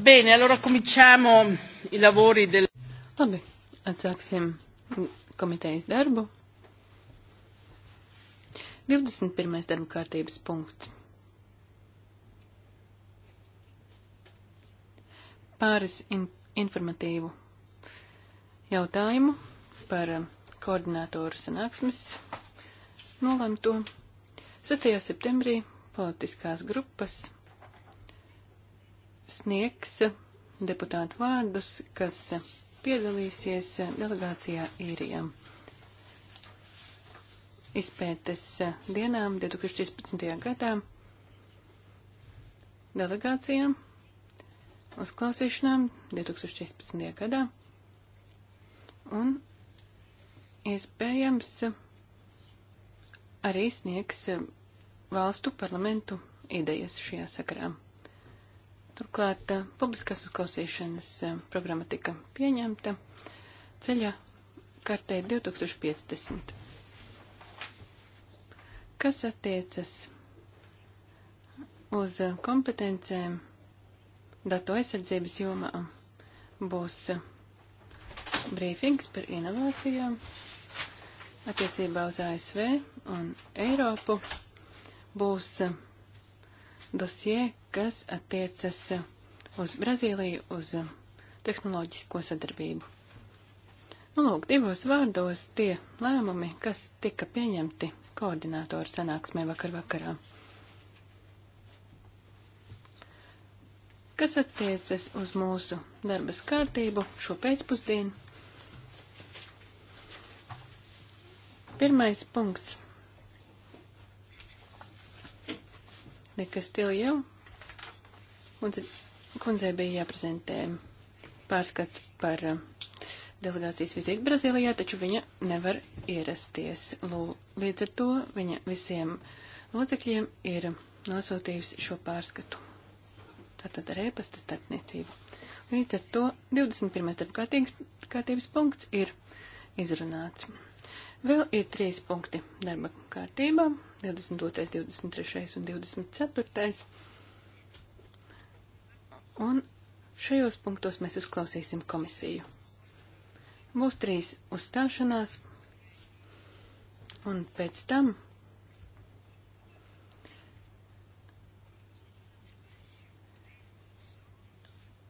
Bene, allora cominciamo i lavori del... Labi, atsāksim komitejas darbu. 21. darba kārtības punkts. Pāris in informatīvu jautājumu par koordinātoru sanāksmes nolēmto. 6. septembrī politiskās grupas sniegs deputātu vārdus, kas piedalīsies delegācijā īrijam izpētes dienām 2013. gadā delegācijām uzklausīšanām 2014. gadā un iespējams arī sniegs valstu parlamentu idejas šajā sakarā. Turklāt eh, publiskās uzklausīšanas eh, programma tika pieņemta ceļa kartē 2050. Kas attiecas uz eh, kompetencēm datu aizsardzības jomā, būs brīfings par inovācijām attiecībā uz ASV un Eiropu būs dosie, kas attiecas uz Brazīliju, uz tehnoloģisko sadarbību. Nu, lūk, divos vārdos tie lēmumi, kas tika pieņemti koordinātoru sanāksmē vakar vakarā. Kas attiecas uz mūsu darbas kārtību šo pēcpusdienu? Pirmais punkts. Nekas til jau Kundzei bija jāprezentē pārskats par uh, delegācijas vizīti Brazīlijā, taču viņa nevar ierasties. Līdz ar to viņa visiem locekļiem ir nosūtījusi šo pārskatu. Tātad ar ēpasta starpniecību. Līdz ar to 21. darbkārtības punkts ir izrunāts. Vēl ir trīs punkti darba kārtībā - 22., 23. un 24 Un šajos punktos mēs uzklausīsim komisiju. Būs trīs uzstāšanās, un pēc tam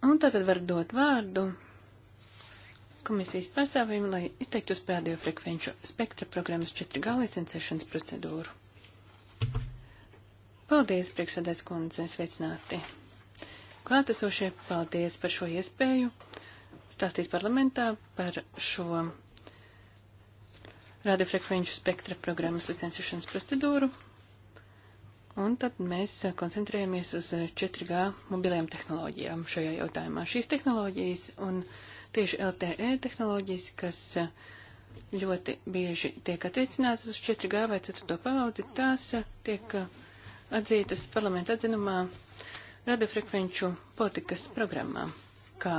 Un tātad var dot vārdu komisijas pasāvim, lai izteiktu uz pēdējo frekvenču spektra programmas 4G licencēšanas procedūru. Paldies, priekšsēdēs kundze, sveicināti! klātesošie, paldies par šo iespēju stāstīt parlamentā par šo radiofrekvenču spektra programmas licencēšanas procedūru. Un tad mēs koncentrējamies uz 4G mobilajām tehnoloģijām šajā jautājumā. Šīs tehnoloģijas un tieši LTE tehnoloģijas, kas ļoti bieži tiek attiecināts uz 4G vai 4. paudzi, tās tiek atzītas parlamenta atzinumā radiofrekvenču politikas programmām, kā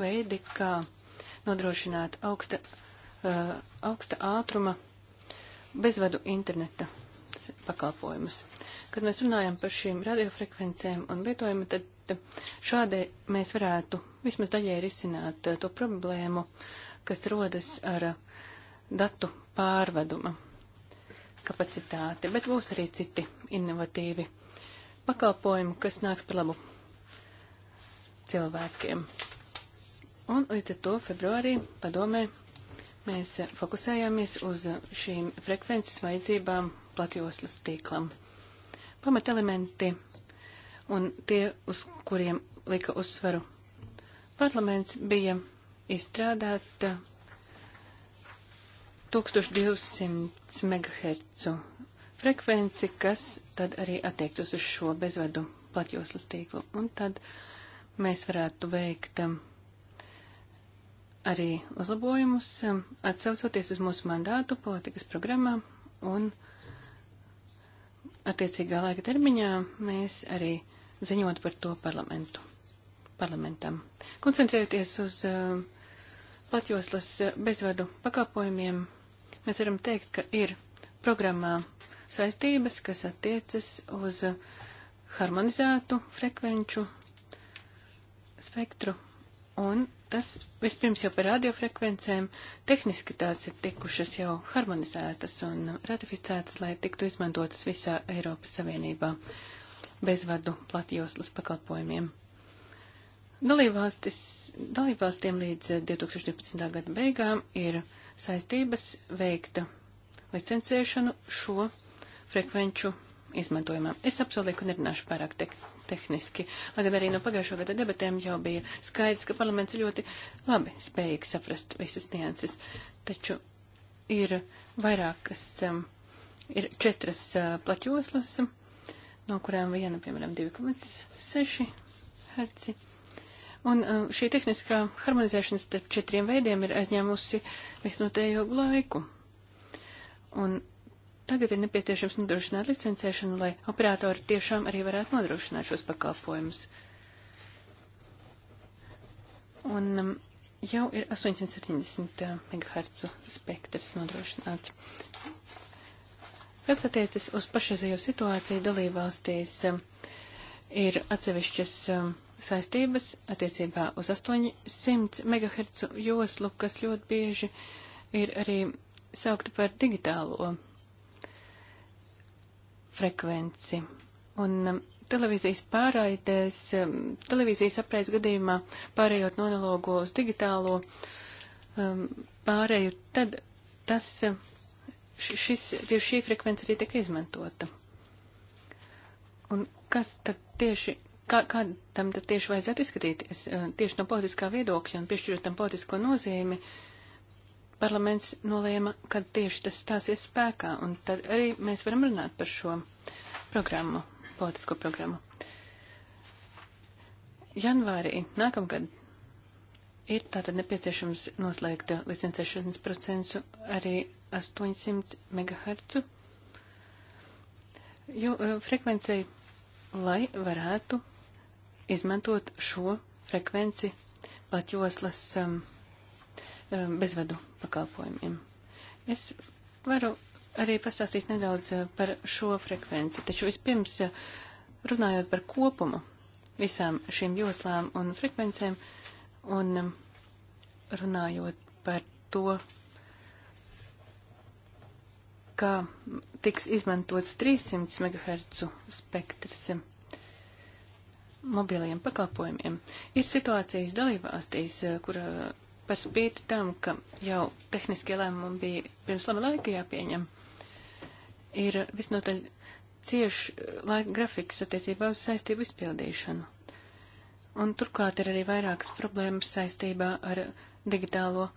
veidi, kā nodrošināt augsta, uh, augsta ātruma bezvadu interneta pakalpojumus. Kad mēs runājam par šīm radiofrekvencēm un lietojumu, tad šādai mēs varētu vismaz daļai risināt uh, to problēmu, kas rodas ar uh, datu pārvaduma kapacitāti, bet būs arī citi innovatīvi pakalpojumu, kas nāks par labu cilvēkiem. Un līdz ar to februārī padomē mēs fokusējāmies uz šīm frekvences vajadzībām platjoslas tīklam. Pamatelementi un tie, uz kuriem lika uzsvaru parlaments, bija izstrādāt 1200 MHz frekvenci, kas tad arī attiektos uz šo bezvadu platjoslas tīklu. Un tad mēs varētu veikt um, arī uzlabojumus, um, atsaucoties uz mūsu mandātu politikas programmā un attiecīgā laika termiņā mēs arī ziņot par to parlamentu, parlamentam. Koncentrējoties uz um, uh, platjoslas bezvadu pakāpojumiem, mēs varam teikt, ka ir programmā saistības, kas attiecas uz harmonizētu frekvenču spektru. Un tas vispirms jau par radiofrekvencēm. Tehniski tās ir tikušas jau harmonizētas un ratificētas, lai tiktu izmantotas visā Eiropas Savienībā bezvadu platjoslas pakalpojumiem. Dalībvalstiem līdz 2012. gada beigām ir saistības veikta licencēšanu šo frekvenču izmantojumā. Es apsolīju, ka nerunāšu pārāk te tehniski, lai gan arī no pagājušā gada debatēm jau bija skaidrs, ka parlaments ļoti labi spējīgi saprast visas nianses, taču ir vairākas, um, ir četras uh, plaķoslas, no kurām viena, piemēram, 2,6 herci. Un uh, šī tehniskā harmonizēšana starp četriem veidiem ir aizņēmusi visnotējogu laiku. Un tagad ir nepieciešams nodrošināt licencēšanu, lai operatori tiešām arī varētu nodrošināt šos pakalpojumus. Un um, jau ir 870 uh, MHz spektrs nodrošināts. Kas attiecas uz pašreizējo situāciju dalībvalstīs, um, ir atsevišķas um, saistības attiecībā uz 800 MHz joslu, kas ļoti bieži ir arī saukta par digitālo frekvenci. Un um, televīzijas pārraidēs, um, televīzijas apreiz gadījumā pārējot no analogo uz digitālo um, pārēju, tad tas, uh, šis, tieši šī frekvence arī tika izmantota. Un kas tad tieši, kā, kā tam tad tieši vajadzētu izskatīties? Uh, tieši no politiskā viedokļa un piešķirot tam politisko nozīmi, uh, parlaments nolēma, kad tieši tas stāsies spēkā, un tad arī mēs varam runāt par šo programmu, politisko programmu. Janvārī nākamgad ir tātad nepieciešams noslēgt licencēšanas procesu arī 800 MHz jo, e, frekvencei, lai varētu izmantot šo frekvenci platjoslas um, Um, bezvadu pakalpojumiem. Es varu arī pastāstīt nedaudz uh, par šo frekvenci, taču vispirms uh, runājot par kopumu visām šīm joslām un frekvencēm un um, runājot par to, kā tiks izmantots 300 MHz spektrs um, mobiliem pakalpojumiem. Ir situācijas dalībvalstīs, uh, kur par spīti tam, ka jau tehniskie lēmumi bija pirms laba laika jāpieņem, ir visnotaļ cieši eh, laika grafiks attiecībā uz saistību izpildīšanu. Un turklāt ir arī vairākas problēmas saistībā ar digitālo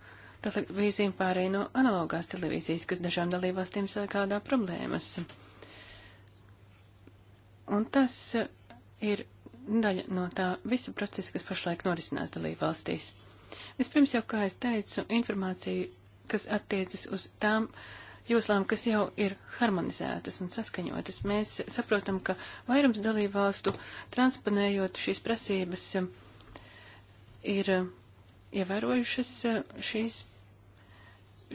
televīziju pārēj no analogās televīzijas, kas dažām dalībvalstīm sagādā problēmas. Un tas eh, ir daļa no tā visa procesa, kas pašlaik norisinās dalībvalstīs. valstīs. Vispirms jau, kā es teicu, informācija, kas attiecas uz tām joslām, kas jau ir harmonizētas un saskaņotas. Mēs saprotam, ka vairums dalību valstu transponējot šīs prasības um, ir um, ievērojušas um, šīs,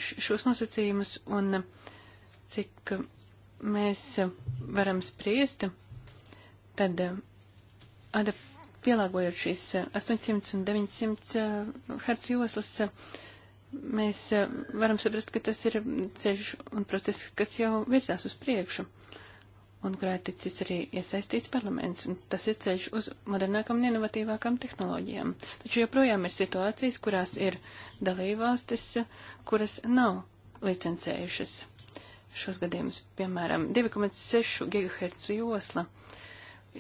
šos nosacījumus un cik mēs varam spriest, tad adaptācija pielāgojot šīs 800 eh, un 900 eh, hercu joslas, eh, mēs varam saprast, ka tas ir ceļš un process, kas jau virzās uz priekšu un kurā ticis arī iesaistīts parlaments. Un tas ir ceļš uz modernākam un inovatīvākam tehnoloģijām. Taču joprojām ir situācijas, kurās ir dalībvalstis, kuras nav licencējušas šos gadījumus. Piemēram, 2,6 GHz josla. Uh,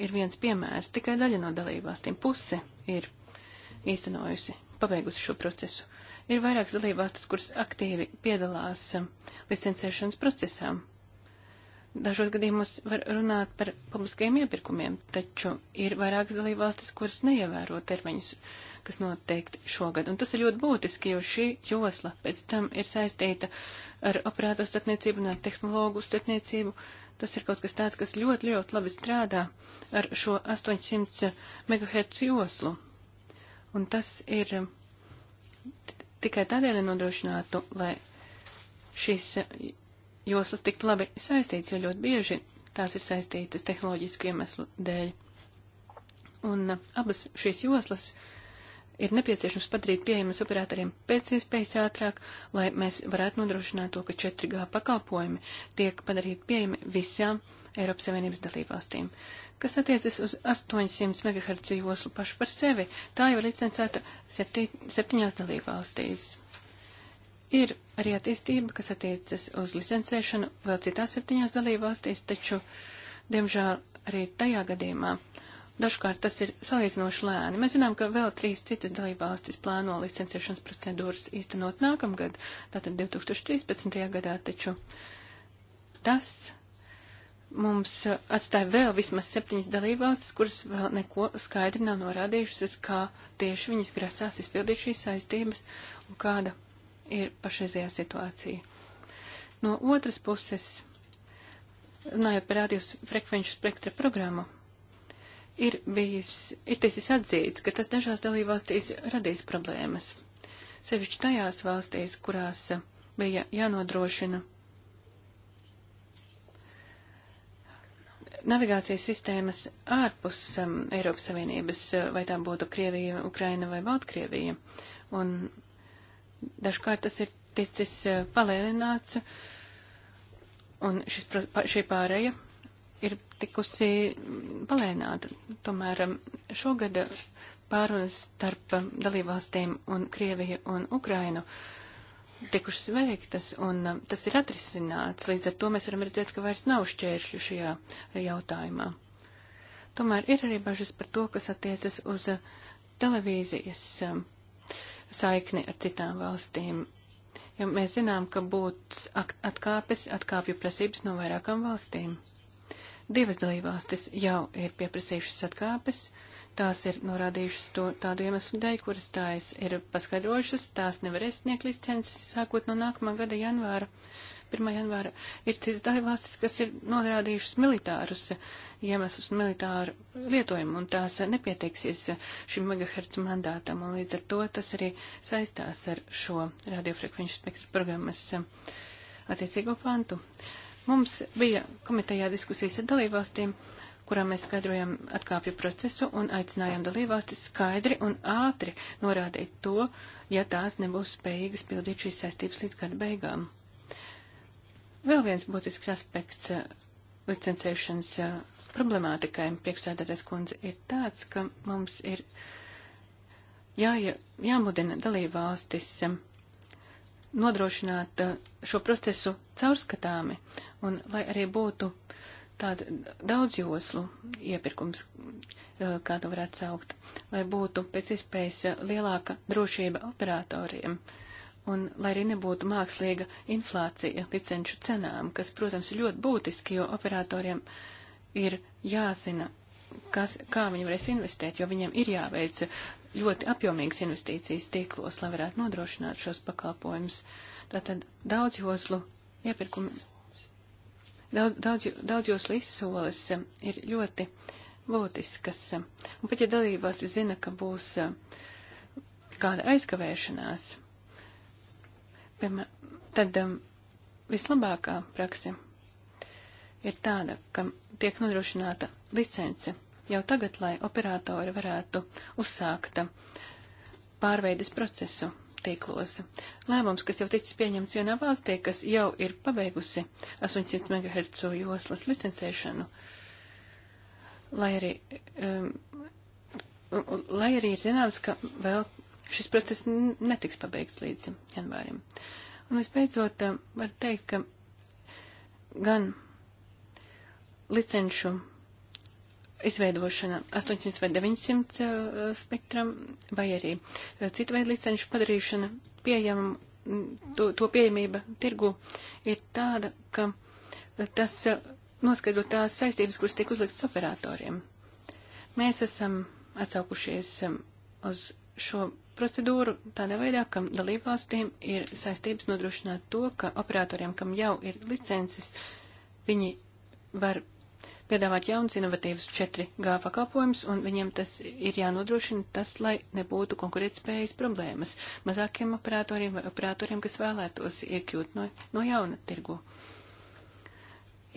ir viens piemērs. Tikai daļa no dalībvalstīm puse ir īstenojusi, pabeigusi šo procesu. Ir vairākas dalībvalstis, kuras aktīvi piedalās um, licencēšanas procesām. Dažos gadījumos var runāt par publiskajiem iepirkumiem, taču ir vairākas dalībvalstis, kuras neievēro termiņus, kas noteikti šogad. Un tas ir ļoti būtiski, jo šī josla pēc tam ir saistīta ar operātoru starpniecību un ar tehnologu starpniecību. Uh, Tas ir kaut kas tāds, kas ļoti, ļoti labi strādā ar šo 800 MHz joslu. Un tas ir tikai tādēļ nodrošinātu, lai šīs e, joslas tiktu labi saistītas, jo ļoti bieži tās ir saistītas tehnoloģisku iemeslu dēļ. Un e, abas šīs joslas ir nepieciešams padarīt pieejamas operatoriem pēc iespējas ātrāk, lai mēs varētu nodrošināt to, ka 4G pakalpojumi tiek padarīti pieejami visām Eiropas Savienības dalībvalstīm. Kas attiecas uz 800 MHz joslu pašu par sevi, tā jau ir licencēta septi, septiņās dalībvalstīs. Ir arī attīstība, kas attiecas uz licencēšanu vēl citās septiņās dalībvalstīs, taču, diemžēl, arī tajā gadījumā Dažkārt tas ir salīdzinoši lēni. Mēs zinām, ka vēl trīs citas dalībvalstis plāno licencēšanas procedūras īstenot nākamgad, tātad 2013. gadā, taču tas mums atstāja vēl vismaz septiņas dalībvalstis, kuras vēl neko skaidri nav norādījušas, kā tieši viņas grasās izpildīt šīs saistības un kāda ir pašreizējā situācija. No otras puses, runājot par rādījus frekvenču spektra programmu, ir bijis, ir tiesis atzīts, ka tas dažās dalībvalstīs radīs problēmas. Sevišķi tajās valstīs, kurās bija jānodrošina navigācijas sistēmas ārpus um, Eiropas Savienības, vai tā būtu Krievija, Ukraina vai Baltkrievija. Un dažkārt tas ir ticis uh, palēnināts, un šis, šī pārēja ir tikusi palēnāta. Tomēr um, šogad pārunas starp um, dalībvalstīm un Krieviju un Ukrainu tikušas veiktas, un um, tas ir atrisināts. Līdz ar to mēs varam redzēt, ka vairs nav šķēršļu šajā jautājumā. Tomēr ir arī bažas par to, kas attiecas uz uh, televīzijas saikni ar citām valstīm. Ja mēs zinām, ka būs atkāpes, atkāpju prasības no vairākām valstīm. Divas dalībvalstis jau ir pieprasījušas atkāpes, tās ir norādījušas to tādu iemeslu dēļ, kuras tās ir paskaidrojušas, tās nevarēs sniegt licences sākot no nākamā gada janvāra. 1. janvāra ir citas dalībvalstis, kas ir norādījušas militārus iemeslus militāru lietojumu, un tās nepieteiksies šim megahertz mandātam, un līdz ar to tas arī saistās ar šo radiofrekvenču spektru programmas attiecīgo pantu. Mums bija komitejā diskusijas ar dalībvalstīm, kurā mēs skaidrojam atkāpju procesu un aicinājām dalībvalstis skaidri un ātri norādīt to, ja tās nebūs spējīgas pildīt šīs saistības līdz gada beigām. Vēl viens būtisks aspekts eh, licencēšanas eh, problemātikai priekšsēdētais kundze ir tāds, ka mums ir jā, jāmudina dalībvalstis eh, nodrošināt šo procesu caurskatāmi Un lai arī būtu tāds daudzjoslu iepirkums, e, kā to varētu saukt, lai būtu pēc iespējas e, lielāka drošība operatoriem, un lai arī nebūtu mākslīga inflācija licenču cenām, kas, protams, ir ļoti būtiski, jo operatoriem ir jāzina, kas, kā viņi varēs investēt, jo viņiem ir jāveic ļoti apjomīgas investīcijas tīklos, lai varētu nodrošināt šos pakalpojumus. Tātad daudzjoslu iepirkums Daudz, daudz, daudzos līdzsolis eh, ir ļoti būtiskas. Un pat ja dalībās zina, ka būs eh, kāda aizkavēšanās, piemēram, tad eh, vislabākā praksa ir tāda, ka tiek nodrošināta licence jau tagad, lai operatori varētu uzsākt pārveides procesu tīklos. Lēmums, kas jau ticis pieņemts vienā valstī, kas jau ir pabeigusi 800 MHz joslas licencēšanu, lai arī, um, lai arī ir zināms, ka vēl šis process netiks pabeigts līdz janvārim. Un visbeidzot, um, var teikt, ka gan licenšu izveidošana 800 vai 900 eh, spektram, vai arī eh, citu veidu licenšu padarīšana pieejamam, to, to pieejamība tirgu ir tāda, ka eh, tas noskaidro tās saistības, kuras tiek uzliktas operatoriem. Mēs esam atsaukušies uz šo procedūru tādā veidā, ka dalībvalstīm ir saistības nodrošināt to, ka operatoriem, kam jau ir licences, viņi var piedāvāt jaunus inovatīvus 4G pakalpojumus, un viņiem tas ir jānodrošina tas, lai nebūtu konkurētspējas problēmas mazākiem operatoriem vai operatoriem, kas vēlētos iekļūt no, no jauna tirgu.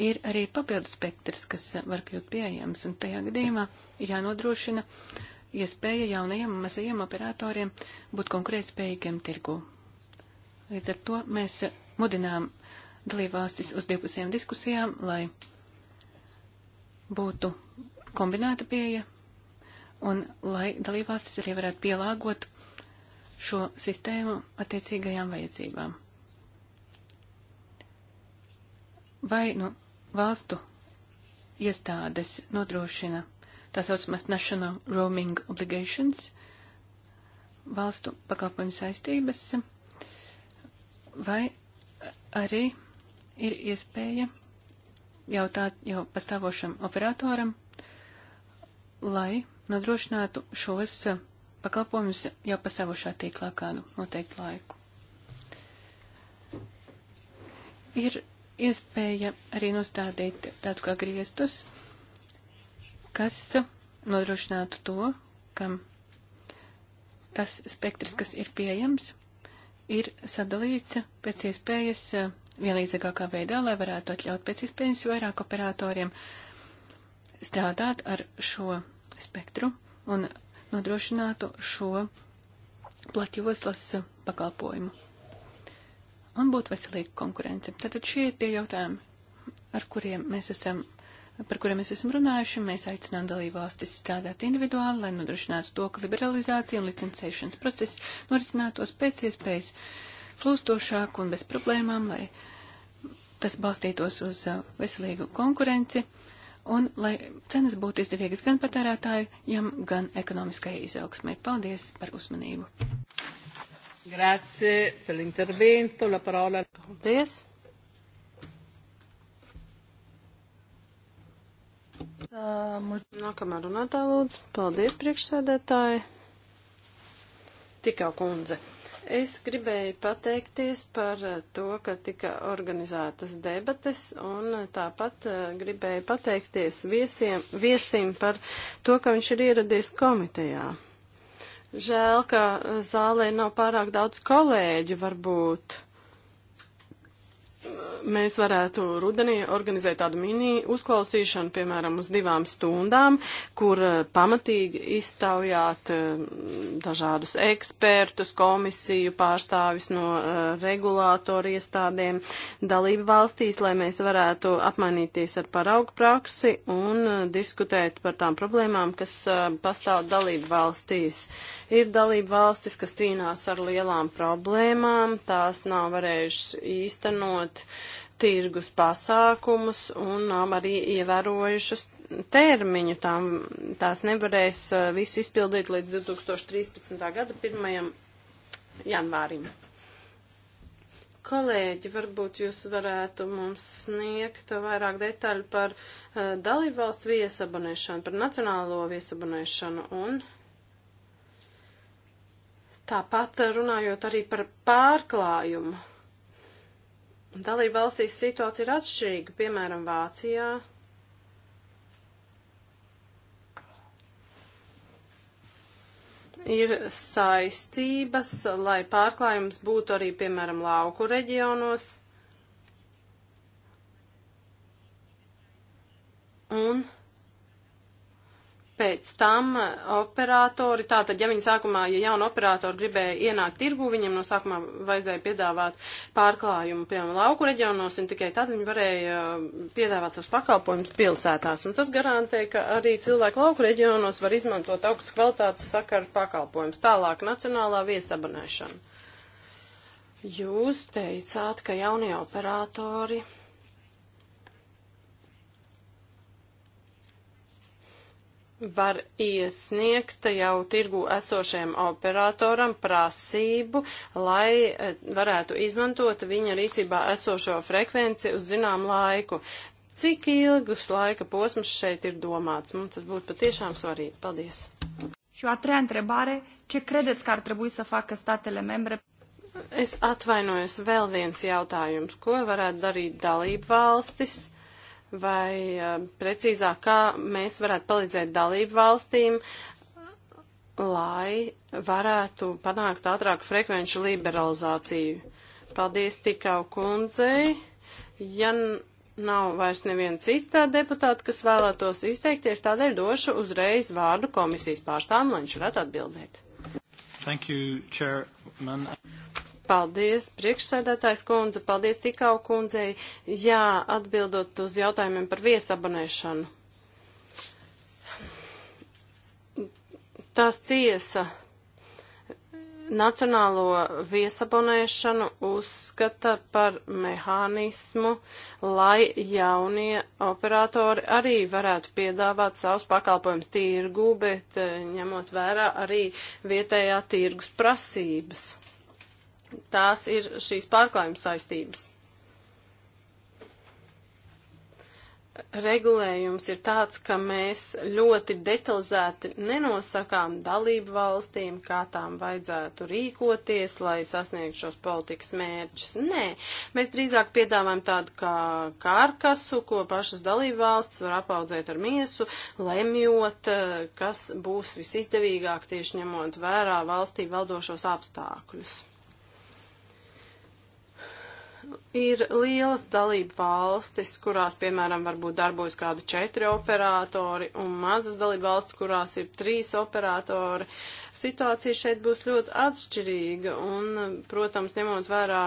Ir arī papildu spektrs, kas var kļūt pieejams, un tajā gadījumā ir jānodrošina iespēja jaunajiem mazajiem operatoriem būt konkurētspējīgiem tirgu. Līdz ar to mēs mudinām dalībvalstis uz divpusējām diskusijām, lai būtu kombinēta pieeja un lai dalībvalstis arī varētu pielāgot šo sistēmu attiecīgajām vajadzībām. Vai nu valstu iestādes nodrošina tā saucamās National Roaming Obligations, valstu pakalpojumu saistības, vai arī ir iespēja jau, tā, jau pastāvošam operatoram, lai nodrošinātu šos eh, pakalpojumus jau pastāvošā tīklā kādu noteiktu laiku. Ir iespēja arī nostādīt tādu kā griestus, kas nodrošinātu to, kam tas spektrs, kas ir pieejams, ir sadalīts pēc iespējas eh, vienlīdzīgākā veidā, lai varētu atļaut pēc iespējas vairāk operatoriem strādāt ar šo spektru un nodrošinātu šo platjoslas pakalpojumu. Un būtu veselīga konkurence. Tātad šie ir tie jautājumi, ar kuriem mēs esam, par kuriem mēs esam runājuši. Mēs aicinām dalībvalstis strādāt individuāli, lai nodrošinātu to, ka liberalizācija un licencēšanas process norisinātos pēc iespējas uh, plūstošāk un bez problēmām, lai tas balstītos uz uh, veselīgu konkurenci un lai cenas būtu izdevīgas gan patērētājiem, gan ekonomiskai izaugsmai. Paldies par uzmanību. Grazie per l'intervento, la parola. Paldies. Nākamā runātā lūdzu. Paldies, priekšsēdētāji. Tikā kundze. Es gribēju pateikties par eh, to, ka tika organizētas debates, un eh, tāpat eh, gribēju pateikties viesiem, viesim par to, ka viņš ir ieradies komitejā. Žēl, ka zālē nav pārāk daudz kolēģu varbūt mēs varētu rudenī organizēt tādu mini uzklausīšanu, piemēram, uz divām stundām, kur eh, pamatīgi iztaujāt eh, dažādus ekspertus, komisiju, pārstāvis no eh, regulātoru iestādēm dalību valstīs, lai mēs varētu apmainīties ar paraugu praksi un diskutēt par tām problēmām, kas pastāv dalību valstīs. Ir dalību valstis, kas cīnās ar lielām problēmām, tās nav varējušas īstenot īstenot tirgus pasākumus un nav um, arī ievērojušas termiņu. Tām, tās nevarēs uh, visu izpildīt līdz 2013. gada 1. janvārim. Kolēģi, varbūt jūs varētu mums sniegt vairāk detaļu par uh, dalībvalstu viesabonēšanu, par nacionālo viesabonēšanu un tāpat runājot arī par pārklājumu Dalība valstīs situācija ir atšķirīga, piemēram, Vācijā. Ir saistības, lai pārklājums būtu arī, piemēram, lauku reģionos. Un pēc tam operatori, tātad, ja viņi sākumā, ja jauna operatora gribēja ienākt tirgu, viņiem no sākumā vajadzēja piedāvāt pārklājumu, piemēram, lauku reģionos, un tikai tad viņi varēja uh, piedāvāt savus pakalpojumus pilsētās. Un tas garantē, ka arī cilvēki lauku reģionos var izmantot augstas kvalitātes sakaru pakalpojumus. Tālāk nacionālā viesabonēšana. Jūs teicāt, ka jaunie operatori var iesniegt jau tirgu esošajam operatoram prasību, lai e, varētu izmantot viņa rīcībā esošo frekvenci uz zinām laiku. Cik ilgus laika posms šeit ir domāts? Mums tas būtu patiešām svarīgi. Paldies! Și o a treia întrebare, ce credeți că ar trebui să facă statele membre? Es atvainojos vēl viens jautājums, ko varētu darīt dalību valstis? vai eh, precīzāk, kā mēs varētu palīdzēt dalību valstīm, lai varētu panākt ātrāku frekvenču liberalizāciju. Paldies tikau kundzei. Ja nav vairs neviena cita deputāta, kas vēlētos izteikties, tādēļ došu uzreiz vārdu komisijas pārstāvam, lai viņš varētu atbildēt. Thank you, chairman. Paldies, priekšsēdētājs kundze, paldies tikau kundzei. Jā, atbildot uz jautājumiem par viesabonēšanu. Tās tiesa nacionālo viesabonēšanu uzskata par mehānismu, lai jaunie operatori arī varētu piedāvāt savus pakalpojumus tirgu, bet eh, ņemot vērā arī vietējā tirgus prasības tās ir šīs pārklājuma saistības. Regulējums ir tāds, ka mēs ļoti detalizēti nenosakām dalību valstīm, kā tām vajadzētu rīkoties, lai sasniegtu šos politikas mērķus. Nē, mēs drīzāk piedāvājam tādu kā kārkasu, ko pašas dalību valsts var apaudzēt ar miesu, lemjot, eh, kas būs visizdevīgāk tieši ņemot vērā valstī valdošos apstākļus ir lielas dalība valstis, kurās, piemēram, varbūt darbojas kādi četri operatori un mazas dalība valstis, kurās ir trīs operatori. Situācija šeit būs ļoti atšķirīga un, protams, ņemot vērā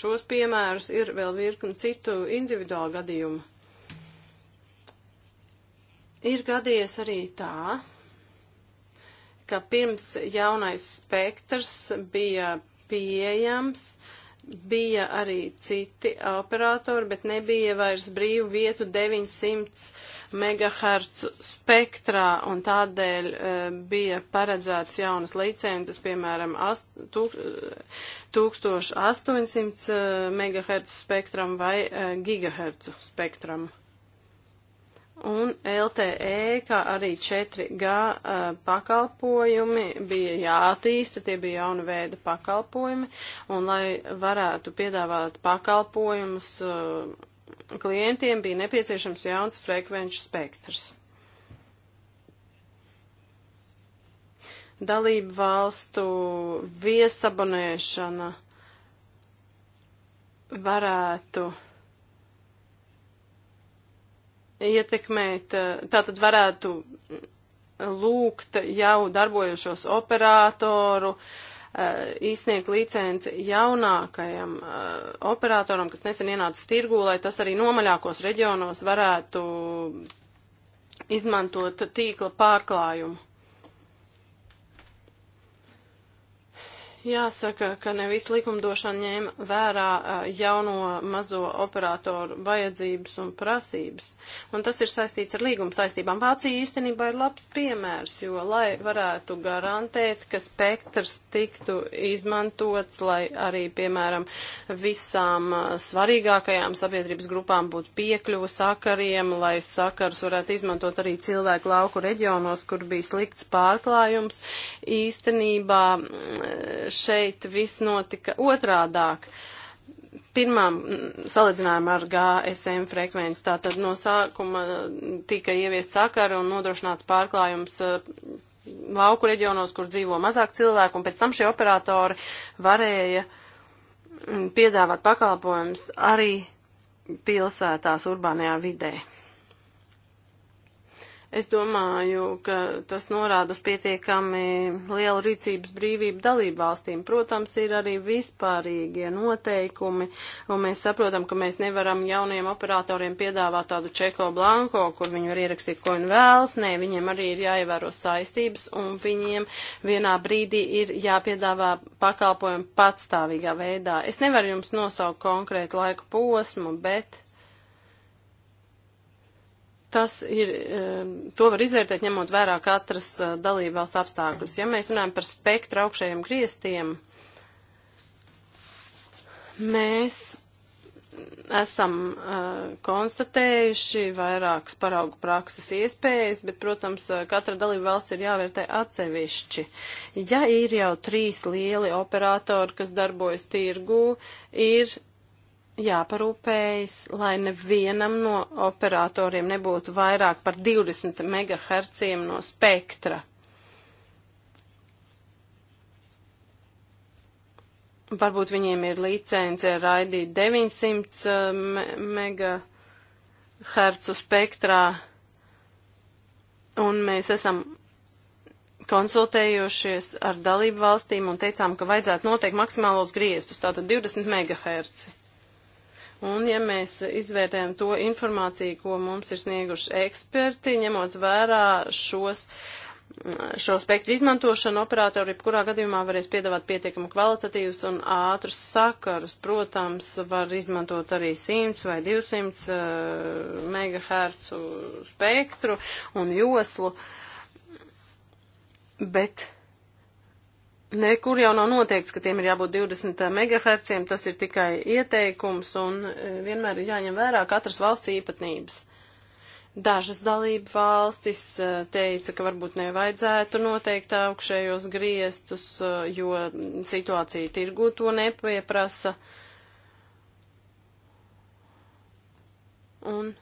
šos piemērus, ir vēl virkni citu individuālu gadījumu. Ir gadījies arī tā, ka pirms jaunais spektrs bija pieejams, uh, bija arī citi operatori, bet nebija vairs brīvu vietu 900 MHz spektrā, un tādēļ e, bija paredzēts jaunas licences, piemēram, 1800 e, MHz spektram vai e, GHz spektram. Un LTE, kā arī 4G uh, eh, pakalpojumi bija jātīsta, tie bija jauna veida pakalpojumi, un lai varētu piedāvāt pakalpojumus uh, klientiem, bija nepieciešams jauns frekvenču spektrs. Dalību valstu viesabonēšana varētu ietekmēt, eh, tātad varētu lūgt jau darbojušos operātoru, eh, izsniegt licenci jaunākajam eh, operātoram, kas nesen ienāca tirgū, lai tas arī nomaļākos reģionos varētu izmantot tīkla pārklājumu. Jāsaka, ka nevis likumdošana ņēma vērā jauno mazo operatoru vajadzības un prasības, un tas ir saistīts ar līguma saistībām. Vācija īstenībā ir labs piemērs, jo, lai varētu garantēt, ka spektrs tiktu izmantots, lai arī, piemēram, visām svarīgākajām sabiedrības grupām būtu piekļuva sakariem, lai sakars varētu izmantot arī cilvēku lauku reģionos, kur bija slikts pārklājums, īstenībā šeit viss notika otrādāk. Pirmām salīdzinājumā ar GSM frekvenci, tātad no sākuma tika ieviest sakari un nodrošināts pārklājums eh, lauku reģionos, kur dzīvo mazāk cilvēku, un pēc tam šie operatori varēja mm, piedāvāt pakalpojumus arī pilsētās, urbānajā vidē. Es domāju, ka tas norāda uz pietiekami lielu rīcības brīvību dalību valstīm. Protams, ir arī vispārīgie noteikumi, un mēs saprotam, ka mēs nevaram jauniem operatoriem piedāvāt tādu čeko blanko, kur viņi var ierakstīt, ko viņi vēlas. Nē, viņiem arī ir jāievēro saistības, un viņiem vienā brīdī ir jāpiedāvā pakalpojumi patstāvīgā veidā. Es nevaru jums nosaukt konkrētu laiku posmu, bet Tas ir, ehm, to var izvērtēt ņemot vērā katras eh, dalībvalsts apstākļus. Ja mēs runājam par spektru augšējiem griestiem, mēs esam uh, konstatējuši vairākas paraugu prakses iespējas, bet, protams, eh, katra dalība valsts ir jāvērtē atsevišķi. Ja ir jau trīs lieli operatori, kas darbojas tirgū, ir jāparūpējas, lai nevienam no operatoriem nebūtu vairāk par 20 MHz no spektra. Varbūt viņiem ir licence raidīt 900 eh, MHz spektrā, un mēs esam konsultējušies ar dalību valstīm un teicām, ka vajadzētu noteikt maksimālos griestus, tātad 20 MHz. Un ja mēs izvērtējam to informāciju, ko mums ir snieguši eksperti, ņemot vērā šos, šo spektru izmantošanu, operatori jebkurā gadījumā varēs piedāvāt pietiekami kvalitatīvus un ātrus sakarus. Protams, var izmantot arī 100 vai 200 eh, MHz spektru un joslu, bet Nekur jau nav noteikts, ka tiem ir jābūt 20 MHz, tas ir tikai ieteikums un e, vienmēr ir jāņem vērā katras valsts īpatnības. Dažas dalību valstis e, teica, ka varbūt nevajadzētu noteikt augšējos griestus, e, jo situācija tirgu to nepieprasa. Un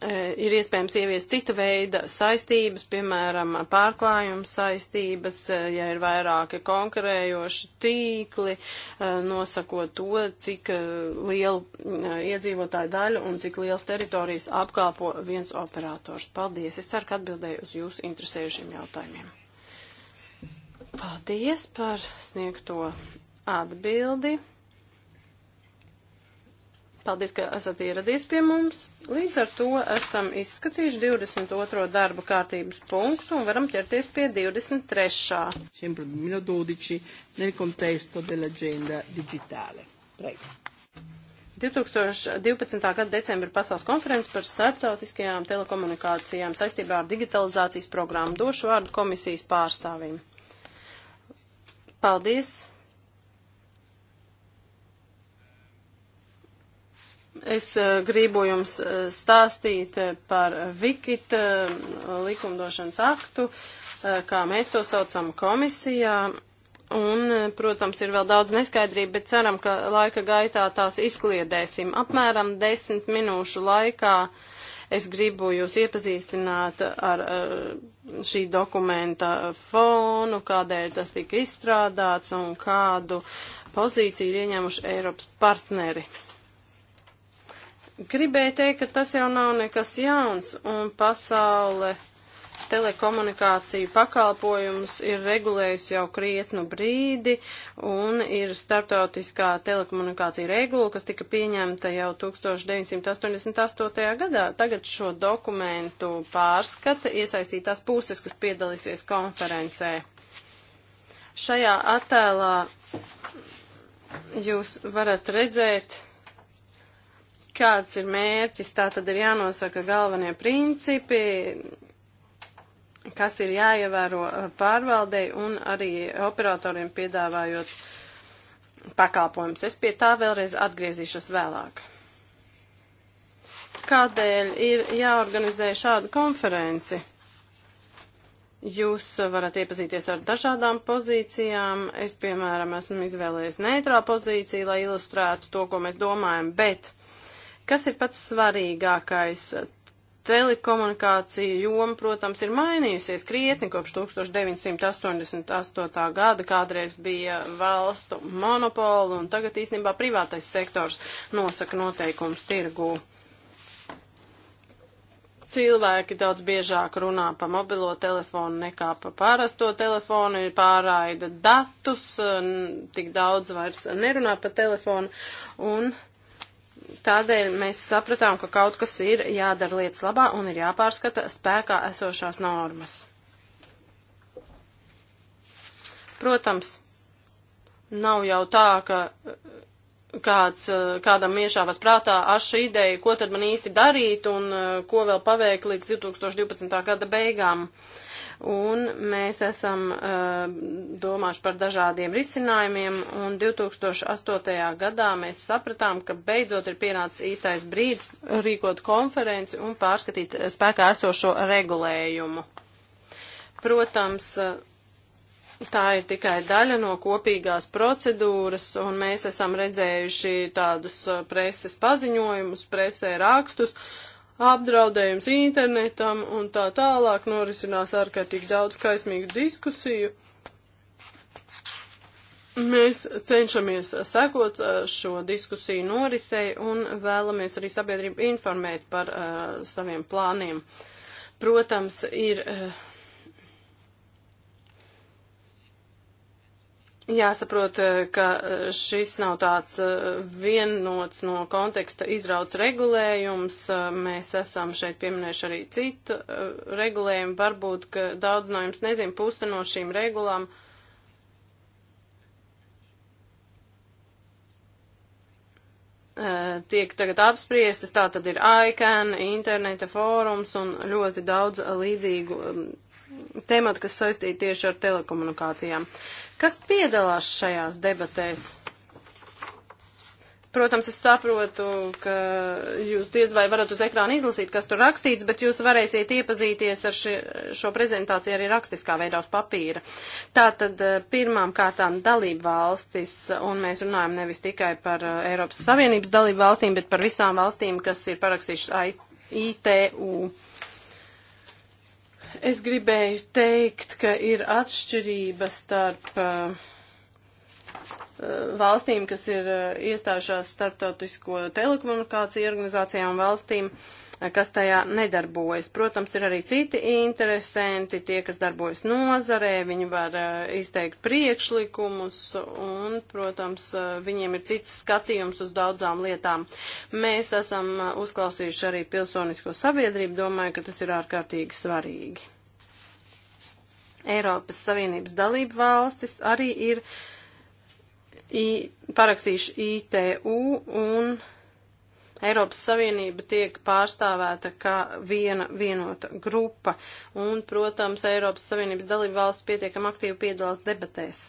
E, ir iespējams ieviest cita veida saistības, piemēram, pārklājuma saistības, e, ja ir vairāki konkurējoši tīkli, e, nosakot to, cik lielu iedzīvotāju daļu un cik liels teritorijas apkalpo viens operators. Paldies! Es ceru, ka atbildēju uz jūsu interesējušiem jautājumiem. Paldies par sniegto atbildi. Paldies, ka esat ieradies pie mums. Līdz ar to esam izskatījuši 22. darba kārtības punktu un varam ķerties pie 23. Sempre 2012 nel contesto dell'agenda digitale. Prego. 2012. gada decembra pasaules konferences par starptautiskajām telekomunikācijām saistībā ar digitalizācijas programmu došu vārdu komisijas pārstāvim. Paldies! Es eh, gribu jums eh, stāstīt eh, par Vikit likumdošanas aktu, kā mēs to saucam komisijā. Un, protams, ir vēl daudz neskaidrību, bet ceram, ka laika gaitā tās izkliedēsim. Apmēram desmit minūšu laikā es gribu jūs iepazīstināt ar šī dokumenta fonu, kādēļ tas tika izstrādāts un kādu pozīciju ir ieņēmuši Eiropas partneri. Gribēju teikt, ka tas jau nav nekas jauns, un pasaule telekomunikāciju pakalpojumus ir regulējusi jau krietnu brīdi, un ir starptautiskā telekomunikācija regula, kas tika pieņemta jau 1988. gadā. Tagad šo dokumentu pārskata iesaistītās puses, kas piedalīsies konferencē. Šajā attēlā jūs varat redzēt, kāds ir mērķis, tā tad ir jānosaka galvenie principi, kas ir jāievēro uh, pārvaldei un arī operatoriem piedāvājot pakalpojumus. Es pie tā vēlreiz atgriezīšos vēlāk. Kādēļ ir jāorganizē šāda konferenci? Jūs varat iepazīties ar dažādām pozīcijām. Es, piemēram, esmu izvēlējies neitrālu pozīciju, lai ilustrētu to, ko mēs domājam, bet Kas ir pats svarīgākais? Telekomunikācija joma, protams, ir mainījusies krietni kopš 1988. gada, kādreiz bija valstu monopola, un tagad īstenībā privātais sektors nosaka noteikums tirgū. Cilvēki daudz biežāk runā pa mobilo telefonu nekā pa parasto telefonu, pārraida datus, tik daudz vairs nerunā pa telefonu, un tādēļ mēs sapratām, ka kaut kas ir jādara lietas labā un ir jāpārskata spēkā esošās normas. Protams, nav jau tā, ka kāds, kādam iešāvas prātā ar šī ideja, ko tad man īsti darīt un ko vēl paveikt līdz 2012. gada beigām. Uh, un mēs esam uh, domājuši par dažādiem risinājumiem, un 2008. gadā mēs sapratām, ka beidzot ir pienācis īstais brīdis rīkot konferenci un pārskatīt spēkā esošo regulējumu. Protams, tā ir tikai daļa no kopīgās procedūras, un mēs esam redzējuši tādus preses paziņojumus, presē rakstus, uh, apdraudējums internetam un tā tālāk norisinās ārkārtīgi daudz kaismīgu diskusiju. Mēs cenšamies sekot uh, šo diskusiju norisei un vēlamies arī sabiedrību informēt par uh, saviem plāniem. Protams, ir uh, Jāsaprot, eh, ka eh, šis nav tāds eh, vienots no konteksta izrauts regulējums. Mēs esam šeit pieminējuši arī citu regulējumu. Varbūt, ka daudz no jums nezin puse no šīm regulām. Tiek tagad apspriestas, tā tad ir ICAN, interneta fórums un ļoti daudz līdzīgu mm, tematu, kas saistīti tieši ar telekomunikācijām. Kas piedalās šajās debatēs? Protams, es saprotu, ka jūs diez vai varat uz ekrāna izlasīt, kas tur rakstīts, bet jūs varēsiet iepazīties ar ši, šo prezentāciju arī rakstiskā veidā uz papīra. Tātad eh, pirmām kārtām dalību valstis, un mēs runājam nevis tikai par eh, Eiropas Savienības dalību valstīm, bet par visām valstīm, kas ir parakstījušas ITU. Es gribēju teikt, ka ir atšķirība starp uh, valstīm, kas ir uh, iestājušās starptautisko telekomunikāciju organizācijām valstīm. Uh, kas tajā nedarbojas. Protams, ir arī citi interesanti, tie, kas darbojas nozarē, viņi var eh, izteikt priekšlikumus un, protams, eh, viņiem ir cits skatījums uz daudzām lietām. Mēs esam eh, uzklausījuši arī pilsonisko sabiedrību, domāju, ka tas ir ārkārtīgi svarīgi. Eiropas Savienības dalību valstis arī ir parakstījuši ITU un Eiropas Savienība tiek pārstāvēta kā viena vienota grupa, un, protams, Eiropas Savienības dalība valsts pietiekam aktīvi piedalās debatēs.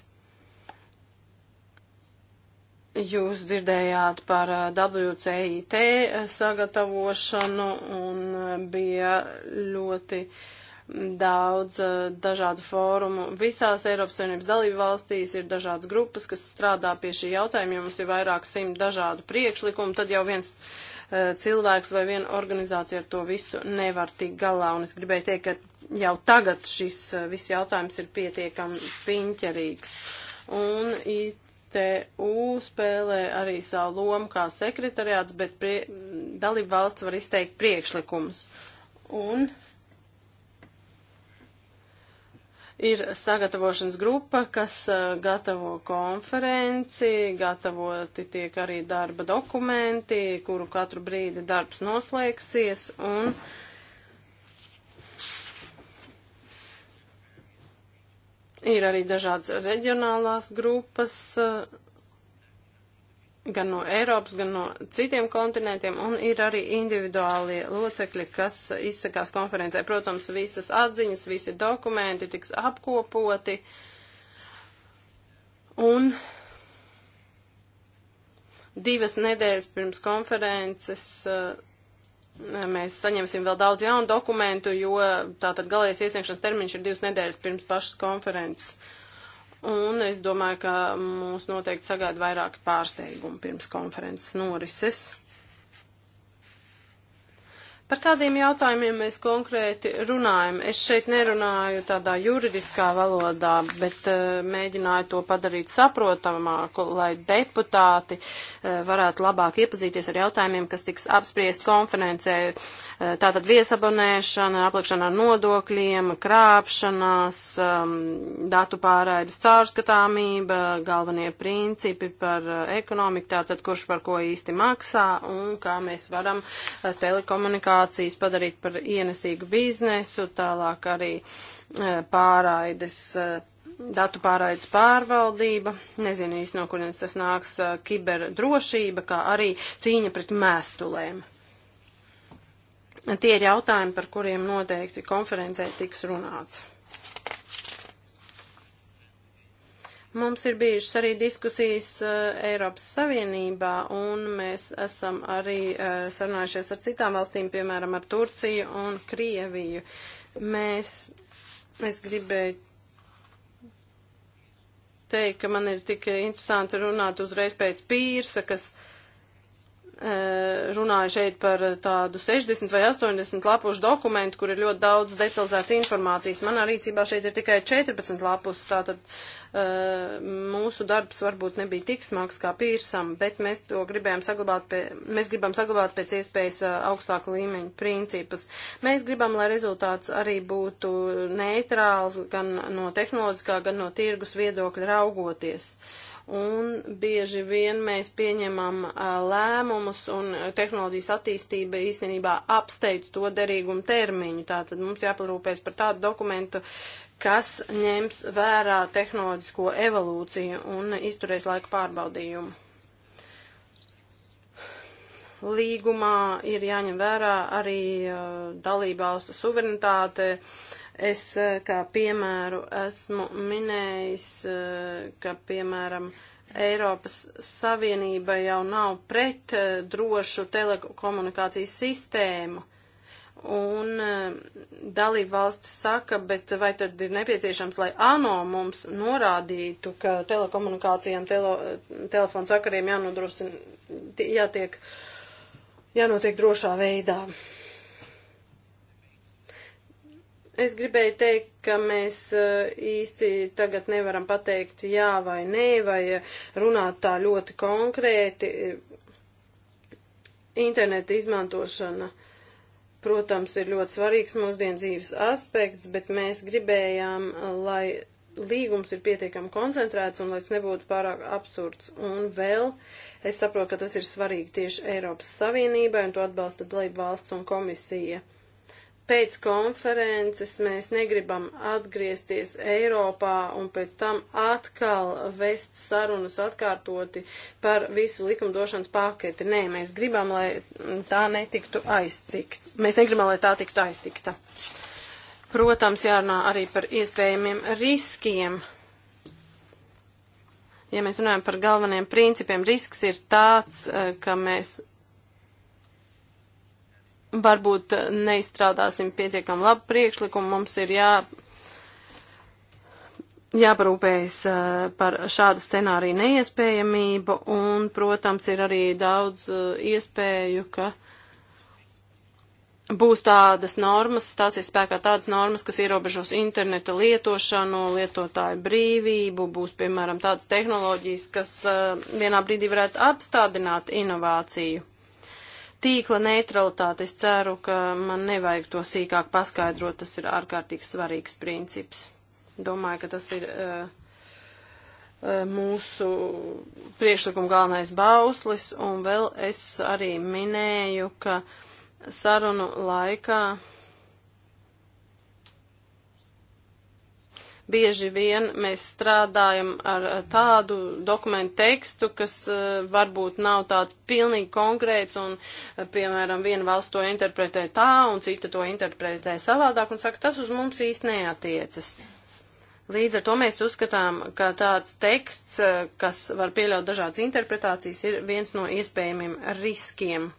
Jūs dzirdējāt par uh, WCIT uh, sagatavošanu un uh, bija ļoti uh, daudz eh, dažādu fórumu. Visās Eiropas Savienības dalību valstīs ir dažādas grupas, kas strādā pie šī jautājuma, jo mums ir vairāk simt dažādu priekšlikumu, tad jau viens uh, cilvēks vai viena organizācija ar to visu nevar tik galā. Un es gribēju teikt, ka jau tagad šis uh, viss jautājums ir pietiekami piņķerīgs. Un ITU spēlē arī savu lomu kā sekretariāts, bet prie, dalību valsts var izteikt priekšlikumus. Un Ir sagatavošanas grupa, kas gatavo konferenci, gatavoti tiek arī darba dokumenti, kuru katru brīdi darbs noslēgsies un ir arī dažādas reģionālās grupas, gan no Eiropas, gan no citiem kontinentiem, un ir arī individuālie locekļi, kas izsakās konferencē. Protams, visas atziņas, visi dokumenti tiks apkopoti, un divas nedēļas pirms konferences eh, mēs saņemsim vēl daudz jaunu dokumentu, jo tātad galējais iesniegšanas termiņš ir divas nedēļas pirms pašas konferences un es domāju, ka mūs noteikti sagaida vairāk pārsteigumu pirms konferences norises. Par kādiem jautājumiem mēs konkrēti runājam? Es šeit nerunāju tādā juridiskā valodā, bet uh, mēģināju to padarīt saprotamāku, lai deputāti uh, varētu labāk iepazīties ar jautājumiem, kas tiks apspriest konferencē. Tātad viesabonēšana, aplikšana ar nodokļiem, krāpšanās, um, datu pārraides caurskatāmība, galvenie principi par uh, ekonomiku, tātad kurš par ko īsti maksā un kā mēs varam uh, telekomunikācijas padarīt par ienesīgu biznesu, tālāk arī uh, pārraides datu pārraides pārvaldība, nezinu īsti no kurienes tas nāks, kiberdrošība, kā arī cīņa pret mēstulēm. Tie ir jautājumi, par kuriem noteikti konferencē tiks runāts. Mums ir bijušas arī diskusijas uh, Eiropas Savienībā, un mēs esam arī uh, sarunājušies ar citām valstīm, piemēram, ar Turciju un Krieviju. Mēs, es gribēju teikt, ka man ir tik interesanti runāt uzreiz pēc pīrsa, kas uh, runāju šeit par tādu 60 vai 80 lapušu dokumentu, kur ir ļoti daudz detalizētas informācijas. Manā rīcībā šeit ir tikai 14 lapus, tātad uh, mūsu darbs varbūt nebija tik smags kā pīrsam, bet mēs to gribējām saglabāt, pie, mēs gribam saglabāt pēc iespējas augstāku līmeņu principus. Mēs gribam, lai rezultāts arī būtu neitrāls gan no tehnoloģiskā, gan no tirgus viedokļa raugoties. Uh, un bieži vien mēs pieņemam uh, lēmumus, un tehnoloģijas attīstība īstenībā apsteidz to derīgumu termiņu. Tātad mums jāparūpēs par tādu dokumentu, kas ņems vērā tehnoloģisko evolūciju un izturēs laika pārbaudījumu līgumā ir jāņem vērā arī uh, dalībvalstu suverenitāte, Es eh, kā piemēru esmu minējis, eh, ka piemēram Eiropas Savienība jau nav pret eh, drošu telekomunikācijas sistēmu. Un dalība valsts saka, bet vai tad ir nepieciešams, lai ANO mums norādītu, ka telekomunikācijām, telo, telefonu sakariem jānodrošina, jātiek, jānotiek drošā veidā. Uh, Es gribēju teikt, ka mēs eh, īsti tagad nevaram pateikt jā vai nē, vai eh, runāt tā ļoti konkrēti. Interneta izmantošana, protams, ir ļoti svarīgs mūsdienu dzīves aspekts, bet mēs gribējām, lai līgums ir pietiekami koncentrēts un lai tas nebūtu pārāk absurds. Un vēl es saprotu, ka tas ir svarīgi tieši Eiropas Savienībai un to atbalsta dalību valsts un komisija. Uh, pēc konferences mēs negribam atgriezties Eiropā un pēc tam atkal vest sarunas atkārtoti par visu likumdošanas paketi. Nē, mēs gribam, lai tā netiktu aiztikt. Mēs negribam, lai tā tiktu aiztikta. Protams, jārunā arī par iespējamiem riskiem ja mēs runājam par galveniem principiem, risks ir tāds, eh, ka mēs varbūt neizstrādāsim pietiekam labu priekšlikumu, mums ir jā, jāparūpējas par šādu scenāriju neiespējamību, un, protams, ir arī daudz iespēju, ka būs tādas normas, tās ir spēkā tādas normas, kas ierobežos interneta lietošanu, lietotāju brīvību, būs, piemēram, tādas tehnoloģijas, kas vienā brīdī varētu apstādināt inovāciju. Tīkla neutralitāte, es ceru, ka man nevajag to sīkāk paskaidrot, tas ir ārkārtīgi svarīgs princips. Domāju, ka tas ir uh, mūsu priekšlikuma galvenais bauslis, un vēl es arī minēju, ka sarunu laikā. Uh, Bieži vien mēs strādājam ar tādu dokumentu tekstu, kas e, varbūt nav tāds pilnīgi konkrēts un, e, piemēram, viena valsts to interpretē tā un cita to interpretē savādāk un saka, tas uz mums īsti neatiecas. Līdz ar to mēs uzskatām, ka tāds teksts, e, kas var pieļaut dažādas interpretācijas, ir viens no iespējamiem riskiem.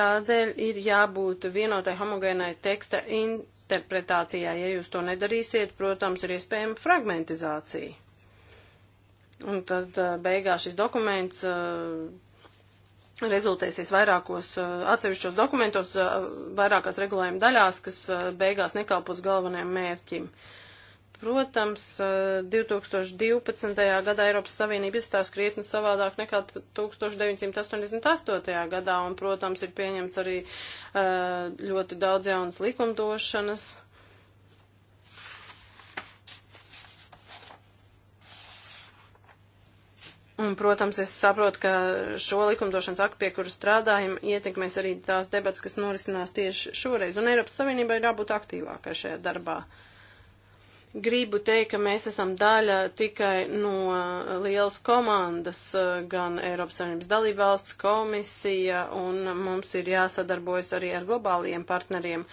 Tādēļ ir jābūt vienotai homogēnai teksta in interpretācijā. Ja jūs to nedarīsiet, protams, ir iespējama fragmentizācija. Un tad uh, beigās šis dokuments uh, rezultēsies vairākos uh, atsevišķos dokumentos, vairākās regulējuma daļās, kas beigās nekalpos galvenajam mērķim. Uh, Protams, 2012. gadā Eiropas Savienība izstās krietni savādāk nekā 1988. gadā, un, protams, ir pieņemts arī ļoti daudz jaunas likumdošanas. Un, protams, es saprotu, ka šo likumdošanas aktu, pie kura strādājam, ietekmēs arī tās debats, kas norisinās tieši šoreiz. Un Eiropas Savienībai ir jābūt aktīvākai šajā darbā. Uh, gribu teikt, ka mēs esam daļa tikai no eh, lielas komandas, eh, gan Eiropas Savienības dalībvalsts komisija, un mums ir jāsadarbojas arī ar globāliem partneriem.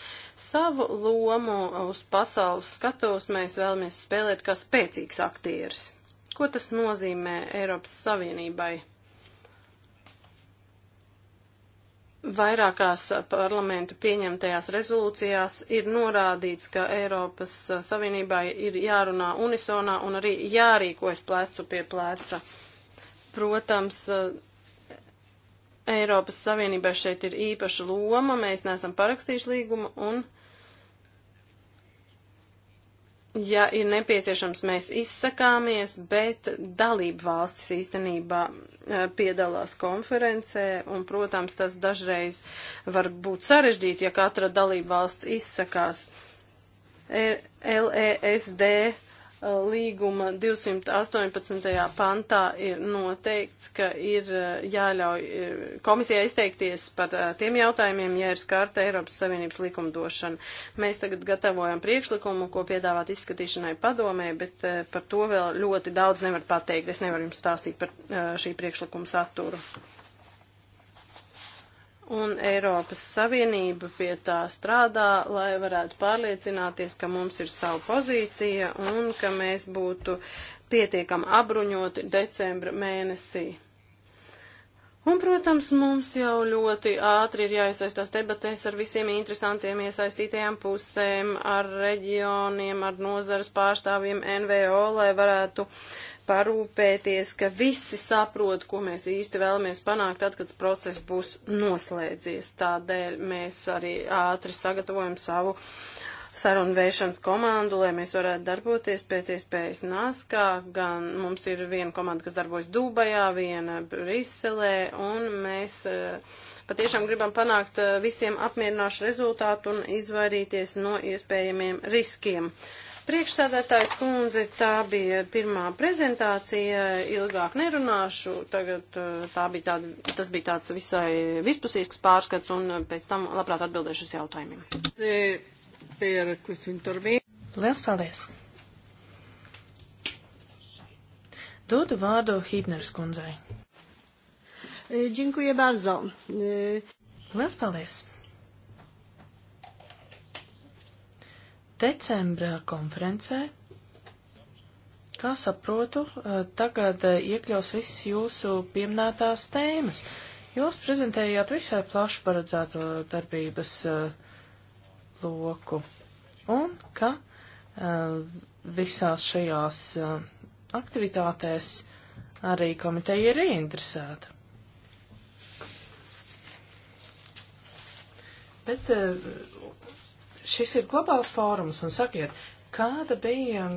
Savu lomu uz pasaules skatos mēs vēlamies spēlēt kā spēcīgs aktieris. Ko tas nozīmē Eiropas Savienībai? Vairākās parlamenta pieņemtajās rezolūcijās ir norādīts, ka Eiropas Savienībai ir jārunā unisonā un arī jārīkojas plecu pie pleca. Protams, Eiropas Savienībai šeit ir īpaša loma, mēs neesam parakstījuši līgumu un, ja ir nepieciešams, mēs izsakāmies, bet dalību valstis īstenībā Eh, piedalās konferencē, un, protams, tas dažreiz var būt sarežģīti, ja katra dalība valsts izsakās. E, LESD līguma 218. pantā ir noteikts, ka ir eh, jāļauj eh, komisijai izteikties par eh, tiem jautājumiem, ja ir skārta Eiropas Savienības likumdošana. Mēs tagad gatavojam priekšlikumu, ko piedāvāt izskatīšanai padomē, bet par to vēl ļoti daudz nevar pateikt. Es nevaru jums stāstīt par šī priekšlikuma saturu. Un Eiropas Savienība pie tā strādā, lai varētu pārliecināties, ka mums ir savu pozīcija un ka mēs būtu pietiekami apbruņoti decembra mēnesī. Un, protams, mums jau ļoti ātri ir jāiesaistās debatēs ar visiem interesantiem iesaistītajām pusēm, ar reģioniem, ar nozares pārstāvjiem NVO, lai varētu uh, parūpēties, ka visi saprot, ko mēs īsti vēlamies panākt, tad, kad process būs noslēdzies. Tādēļ mēs arī ātri sagatavojam savu sarunvēšanas komandu, lai mēs varētu darboties pēc iespējas naskā. Gan mums ir viena komanda, kas darbojas Dubajā, viena Briselē, un mēs eh, patiešām gribam panākt eh, visiem apmierināšu rezultātu un izvairīties no iespējamiem riskiem. Uh, Priekšsēdētājs kundze, tā bija pirmā prezentācija, ilgāk nerunāšu, tagad uh, tā bija tāda, tas bija tāds visai vispusīgs pārskats, un uh, pēc tam labprāt atbildēšu uz jautājumiem. Liels paldies! Dodu vārdu Hībners kundzei. Dziękuję bardzo. Liels paldies! Decembra konferencē, kā saprotu, eh, tagad eh, iekļaus visas jūsu pieminētās tēmas. Jūs prezentējāt visai plašu paredzēto darbības eh, loku un ka visās šajās aktivitātēs arī komiteja ir ieinteresēta. Bet Šis ir globāls fórums, un sakiet, kāda bija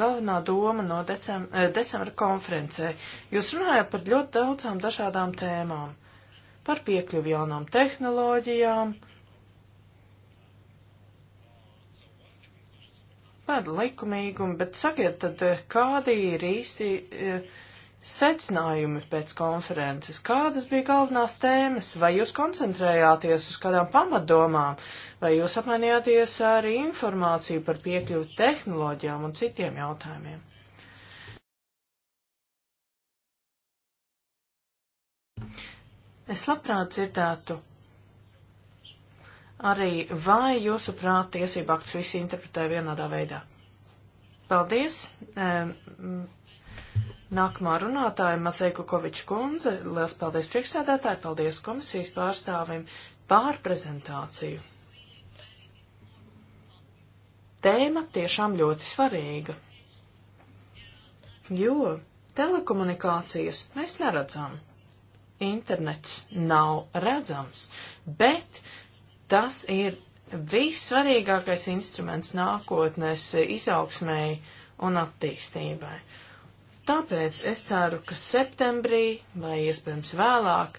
galvenā doma no decem, eh, decembra konferencē? Jūs runājat par ļoti daudzām dažādām tēmām - par piekļuvi jaunām tehnoloģijām, par likumīgumu, bet sakiet tad, eh, kādi ir īsti. Uh, secinājumi pēc konferences? Kādas bija galvenās tēmas? Vai jūs koncentrējāties uz kādām pamatdomām? Vai jūs apmainījāties ar informāciju par piekļuvu tehnoloģijām un citiem jautājumiem? Es labprāt dzirdētu arī, vai jūsuprāt tiesību aktus visi interpretē vienādā veidā. Paldies! Um, Nākamā runātāja Maseiku Koviča kundze, liels paldies priekšsēdētāji, paldies komisijas pārstāvim pār prezentāciju. Tēma tiešām ļoti svarīga, jo telekomunikācijas mēs neredzam. Internets nav redzams, bet tas ir vissvarīgākais instruments nākotnes izaugsmēji un attīstībai. Tāpēc es ceru, ka septembrī vai iespējams vēlāk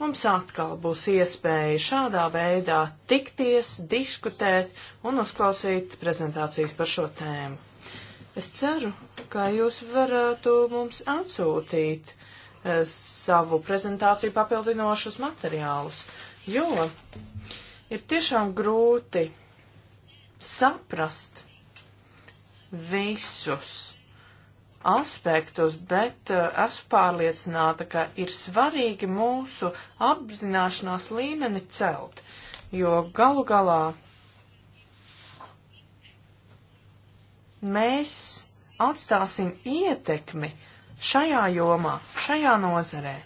mums atkal būs iespēja šādā veidā tikties, diskutēt un uzklausīt prezentācijas par šo tēmu. Es ceru, ka jūs varētu mums atsūtīt eh, savu prezentāciju papildinošus materiālus, jo ir tiešām grūti saprast visus aspektus, bet uh, esmu pārliecināta, ka ir svarīgi mūsu apzināšanās līmeni celt, jo galu galā mēs atstāsim ietekmi šajā jomā, šajā nozarē.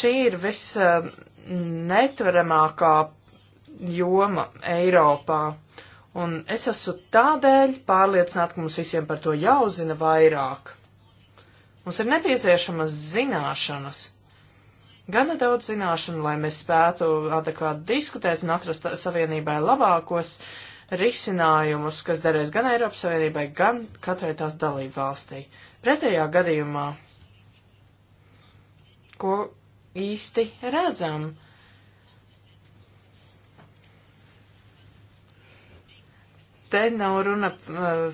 Šī ir visnetveramākā eh, joma Eiropā. Uh, Un es esmu tādēļ pārliecināta, ka mums visiem par to jāuzzina vairāk. Mums ir nepieciešamas zināšanas, gana daudz zināšanu, lai mēs spētu adekvāti diskutēt un atrast savienībai labākos risinājumus, kas derēs gan Eiropas Savienībai, gan katrai tās dalību valstī. Pretējā gadījumā, ko īsti redzam, Te nav runa eh,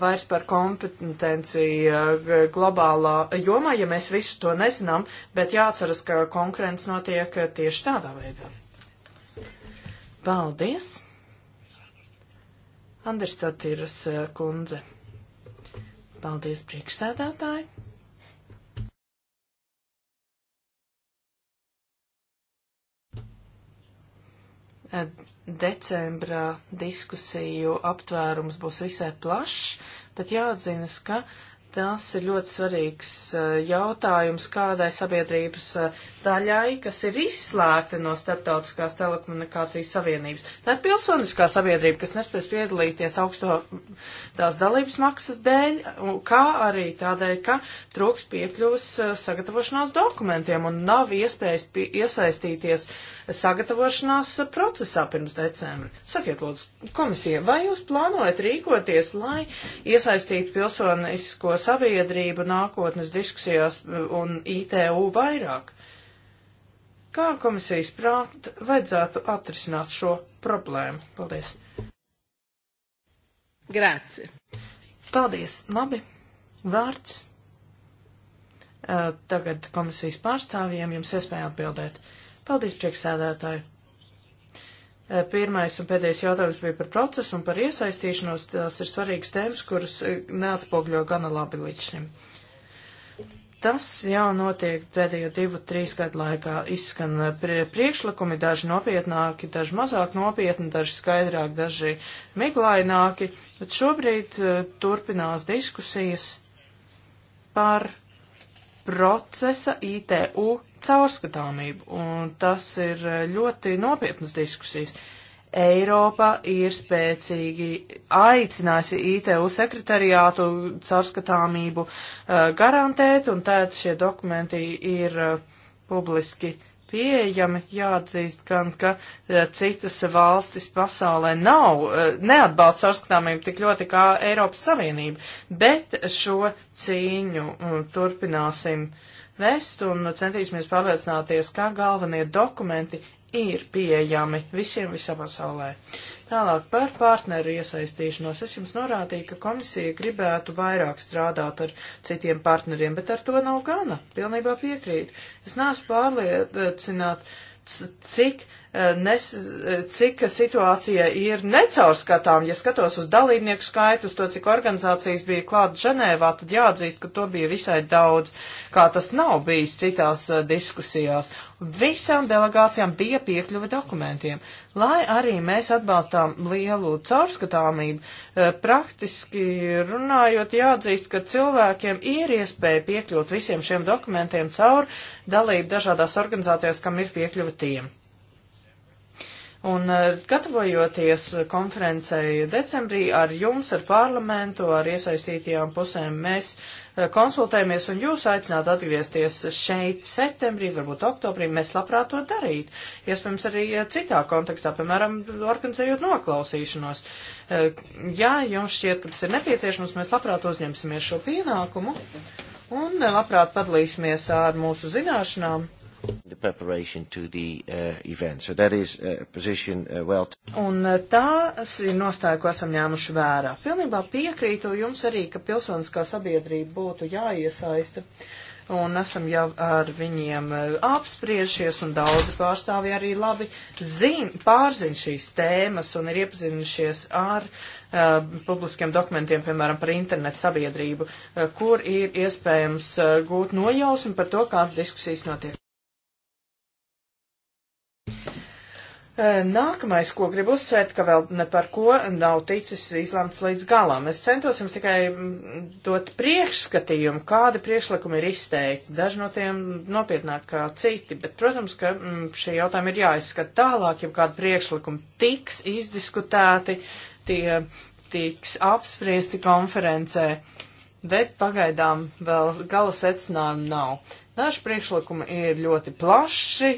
vairs par kompetenciju eh, globālā jomā, ja mēs visu to nezinām, bet jāatceras, ka konkurence notiek tieši tādā veidā. Paldies! Andrstatīras eh, kundze. Paldies, priekšsēdētāji! decembra diskusiju aptvērums būs visai plašs, bet jāatzinas, ka Tas ir ļoti svarīgs eh, jautājums kādai sabiedrības eh, daļai, kas ir izslēgta no starptautiskās telekomunikācijas savienības. Tā ir pilsoniskā sabiedrība, kas nespēs piedalīties augsto tās dalības maksas dēļ, kā arī tādēļ, ka trūks piekļuvas eh, sagatavošanās dokumentiem un nav iespējas pie, iesaistīties sagatavošanās procesā pirms decembra. Sakiet, lūdzu, komisija, vai jūs plānojat rīkoties, lai iesaistītu pilsoniskos sabiedrību nākotnes diskusijās eh, un ITU vairāk. Kā komisijas prāt vajadzētu atrisināt šo problēmu? Paldies. Grāci. Paldies. Labi. Vārds. Eh, tagad komisijas pārstāvjiem jums iespēja atbildēt. Paldies, priekšsēdētāji. Eh, pirmais un pēdējais jautājums bija par procesu un par iesaistīšanos. Tās ir svarīgas tēmas, kuras eh, neatspogļo gana labi līdz šim. Tas jau notiek pēdējo divu, trīs gadu laikā. Izskan eh, priekšlikumi, daži nopietnāki, daži mazāk nopietni, daži skaidrāk, daži miglaināki, bet šobrīd uh, turpinās diskusijas par procesa ITU caurskatāmību, un tas ir eh, ļoti nopietnas diskusijas. Eiropa ir spēcīgi aicinājusi ITU sekretariātu caurskatāmību uh, garantēt, un tēt šie dokumenti ir uh, publiski pieejami. Jāatzīst gan, ka uh, citas valstis pasaulē nav, neatbalsta caurskatāmību tik ļoti kā Eiropas Savienība, bet šo cīņu mm, turpināsim uh, vest un centīsimies pārliecināties, kā galvenie dokumenti ir pieejami visiem visā pasaulē. Tālāk par partneru iesaistīšanos. Es jums norādīju, ka komisija gribētu vairāk strādāt ar citiem partneriem, bet ar to nav gana. Pilnībā piekrīt. Es neesmu pārliecināts, cik uh, Eh, nes, eh, cik situācija ir necaurskatām. Ja skatos uz dalībnieku skaitu, uz to, cik organizācijas bija klāt Ženēvā, tad jāatzīst, ka to bija visai daudz, kā tas nav bijis citās eh, diskusijās. Visām delegācijām bija piekļuva dokumentiem. Lai arī mēs atbalstām lielu caurskatāmību, praktiski runājot, jāatzīst, ka cilvēkiem ir iespēja piekļūt visiem šiem dokumentiem caur dalību dažādās organizācijās, kam ir piekļuva tiem. Un eh, gatavojoties konferencei decembrī ar jums, ar parlamentu, ar iesaistītajām pusēm, mēs eh, konsultējamies un jūs aicināt atgriezties šeit septembrī, varbūt oktobrī. Mēs labprāt to darīt. Iespējams, arī eh, citā kontekstā, piemēram, organizējot noklausīšanos. Ja jums šķiet, ka tas ir nepieciešams, mēs labprāt uzņemsimies šo pienākumu un labprāt padalīsimies ar mūsu zināšanām The, uh, so is, uh, position, uh, well Un uh, tās ir nostāja, ko esam ņēmuši vērā. Pilnībā piekrītu jums arī, ka pilsoniskā sabiedrība būtu jāiesaista. Un esam jau ar viņiem uh, apspriežies, un daudzi pārstāvji arī labi zin, pārzin šīs tēmas un ir iepazinušies ar uh, Uh, publiskiem dokumentiem, piemēram, par internetu sabiedrību, uh, kur ir iespējams uh, gūt nojausmu par to, kādas diskusijas notiek. Nākamais, ko gribu uzsvērt, ka vēl ne par ko nav ticis izlemts līdz galam. Es centos jums tikai mm, dot priekšskatījumu, kādi priekšlikumi ir izteikti. Daži no tiem nopietnāk kā citi, bet, protams, ka mm, šie jautājumi ir jāizskata tālāk, ja kādi priekšlikumi tiks izdiskutēti, tie tiks apspriesti konferencē. Bet pagaidām vēl gala secinājumu nav. Daži priekšlikumi ir ļoti plaši,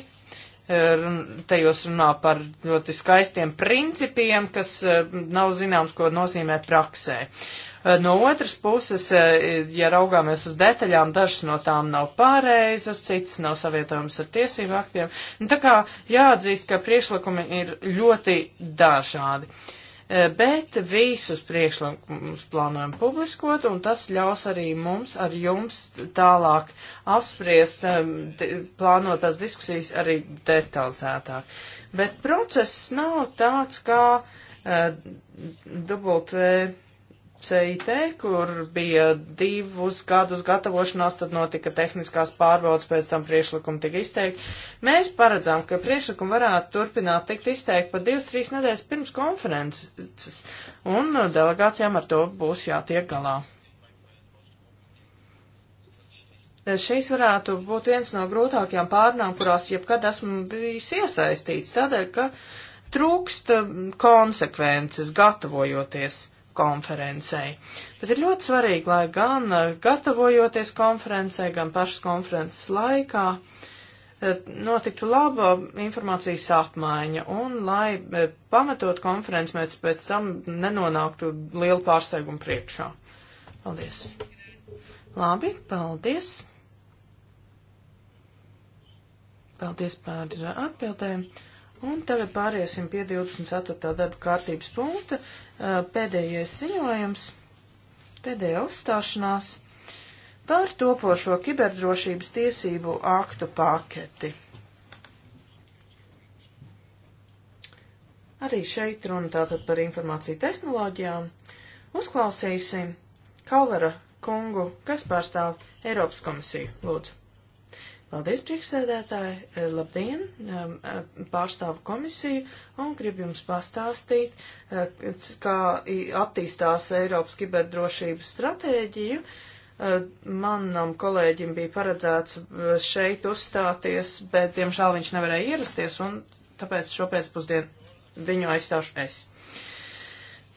tajos runā par ļoti skaistiem principiem, kas eh, nav zināms, ko nozīmē praksē. Eh, no otras puses, eh, ja raugāmies uz detaļām, dažas no tām nav pareizas, citas nav savietojamas ar tiesību aktiem. Un nu, tā kā jāatzīst, ka priešlikumi ir ļoti dažādi. Uh, Eh, bet visus priekšlikumus plānojam publiskot, un tas ļaus arī mums ar jums tālāk apspriest plānotās diskusijas arī detalizētāk. Bet process nav tāds kā dubult. Eh, uh, CIT, kur bija divus gadus gatavošanās, tad notika tehniskās pārbaudas, pēc tam priekšlikumi tika izteikti. Mēs paredzām, ka priekšlikumi varētu turpināt tikt izteikti pat divas, trīs nedēļas pirms konferences, un delegācijām ar to būs jātiek galā. Šīs varētu būt viens no grūtākajām pārnām, kurās jebkad esmu bijis iesaistīts, tādēļ, ka trūkst konsekvences gatavojoties konferencei. Bet ir ļoti svarīgi, lai gan eh, gatavojoties konferencei, gan pašas konferences laikā eh, notiktu laba informācijas apmaiņa un lai eh, pamatot konferences mēs pēc tam nenonāktu lielu pārsteigumu priekšā. Paldies. Labi, paldies. Paldies par atbildēm. Un tagad pāriesim pie 24. darba kārtības punkta Uh, pēdējais ziņojums, pēdējā uzstāšanās par topošo kiberdrošības tiesību aktu paketi. Arī šeit runa tātad par informāciju tehnoloģijām. Uzklausīsim Kalvara kungu, kas pārstāv Eiropas komisiju. Lūdzu. Paldies, priekšsēdētāji! Eh, labdien! Ehm, eh, pārstāvu komisiju un gribu jums pastāstīt, eh, kā attīstās Eiropas kiberdrošības stratēģiju. Manam kolēģim bija paredzēts šeit uzstāties, bet, diemžēl, viņš nevarēja ierasties, un tāpēc šopēcpusdien viņu aizstāšu es.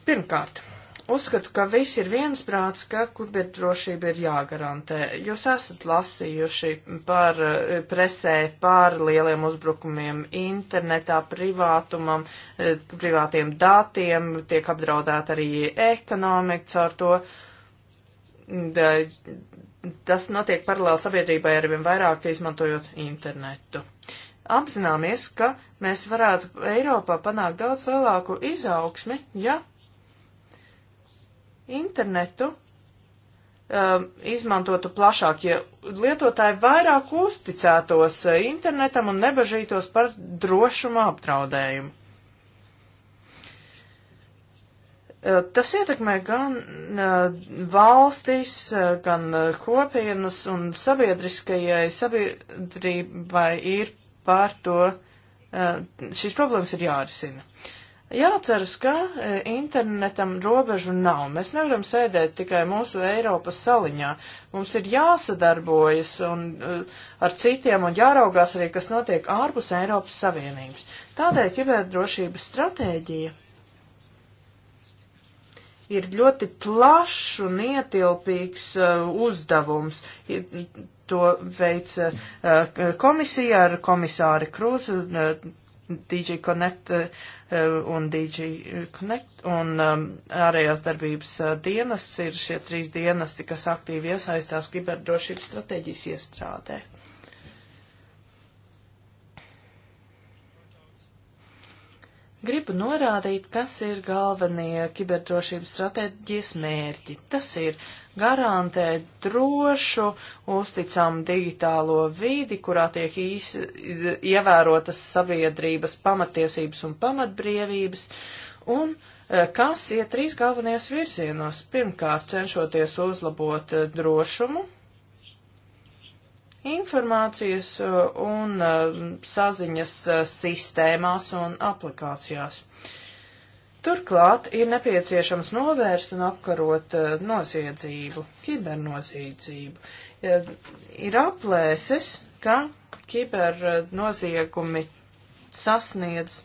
Pirmkārt, uzskatu, ka viss ir viensprāts, ka kiberdrošība ir jāgarantē. Jūs esat lasījuši par eh, presē, par lieliem uzbrukumiem internetā, privātumam, eh, privātiem datiem, tiek apdraudēta arī ekonomika caur to. Tas notiek paralēli sabiedrībai arvien vairāk izmantojot internetu apzināmies, ka mēs varētu Eiropā panākt daudz lielāku izaugsmi, ja internetu um, izmantotu plašāk, ja lietotāji vairāk uzticētos uh, internetam un nebažītos par drošuma apdraudējumu. Uh, tas ietekmē gan uh, valstis, uh, gan uh, kopienas un sabiedriskajai sabiedrībai ir par to, uh, šīs problēmas ir jārisina. Jāceras, ka e, internetam robežu nav. Mēs nevaram sēdēt tikai mūsu Eiropas saliņā. Mums ir jāsadarbojas un, e, ar citiem un jāraugās arī, kas notiek ārpus Eiropas Savienības. Tādēļ kiberdrošības stratēģija ir ļoti plašs un ietilpīgs uh, uzdevums. To veic uh, komisija ar komisāri Krūzu. Uh, DigiConnect uh, Eh, un DG Connect un um, ārējās darbības uh, dienas ir šie trīs dienesti, kas aktīvi iesaistās kiberdrošības stratēģijas iestrādē. Gribu norādīt, kas ir galvenie kiberdrošības stratēģijas mērķi. Tas ir garantēt drošu, uzticamu digitālo vidi, kurā tiek īs, ievērotas sabiedrības pamatiesības un pamatbrīvības, un e, kas ir trīs galvenajos virzienos. Pirmkārt, cenšoties uzlabot e, drošumu, informācijas uh, un uh, saziņas uh, sistēmās un aplikācijās. Turklāt ir nepieciešams novērst un apkarot noziedzību, kibernoziedzību. Ir aplēses, ka kibernoziegumi sasniedz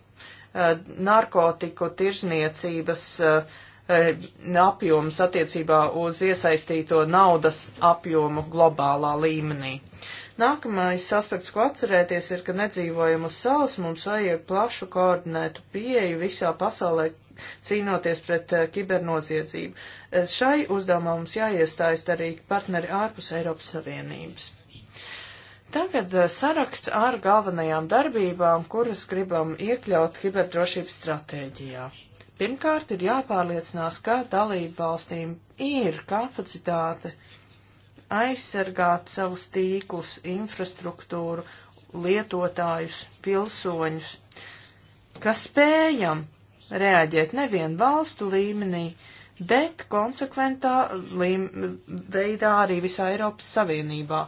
narkotiku tirzniecības uh, E, apjoms attiecībā uz iesaistīto naudas apjomu globālā līmenī. Nākamais aspekts, ko atcerēties, ir, ka nedzīvojam uz savas, mums vajag plašu koordinētu pieeju visā pasaulē, cīnoties pret uh, kibernoziedzību. E, šai uzdevumā mums jāiestājas arī partneri ārpus Eiropas Savienības. Tagad uh, saraksts ar galvenajām darbībām, kuras gribam iekļaut kiberdrošības stratēģijā. Pirmkārt, ir jāpārliecinās, ka dalību valstīm ir kapacitāte aizsargāt savus tīklus, infrastruktūru, lietotājus, pilsoņus, kas spējam reaģēt nevien valstu līmenī, bet konsekventā līm, veidā arī visā Eiropas Savienībā.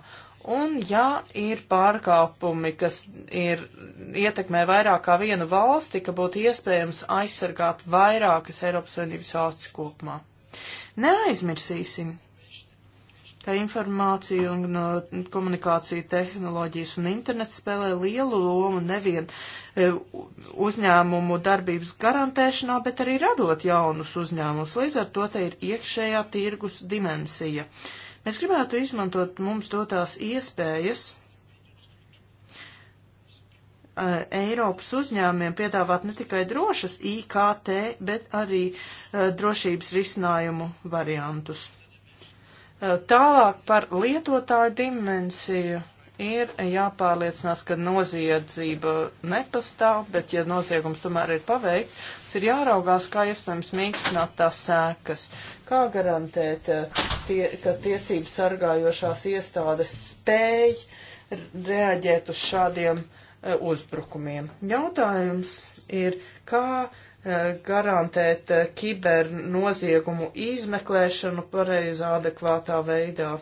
Un ja ir pārkāpumi, kas ir ietekmē vairāk kā vienu valsti, ka būtu iespējams aizsargāt vairākas Eiropas Savienības valstis kopumā. Neaizmirsīsim, ka informācija un komunikācija tehnoloģijas un internets spēlē lielu lomu nevien e, uzņēmumu darbības garantēšanā, bet arī radot jaunus uzņēmumus. Līdz ar to te ir iekšējā tirgus dimensija. Mēs gribētu izmantot mums dotās iespējas Uh, Eiropas uzņēmumiem piedāvāt ne tikai drošas IKT, bet arī uh, drošības risinājumu variantus. Uh, tālāk par lietotāju dimensiju ir jāpārliecinās, ka noziedzība nepastāv, bet ja noziegums tomēr ir paveikts, ir jāraugās, kā iespējams mīkstināt tās sēkas, kā garantēt, uh, tie, ka tiesības sargājošās iestādes spēj reaģēt uz šādiem uh, Eh, uzbrukumiem. Jautājums ir, kā eh, garantēt eh, kibernoziegumu izmeklēšanu pareizā, adekvātā veidā.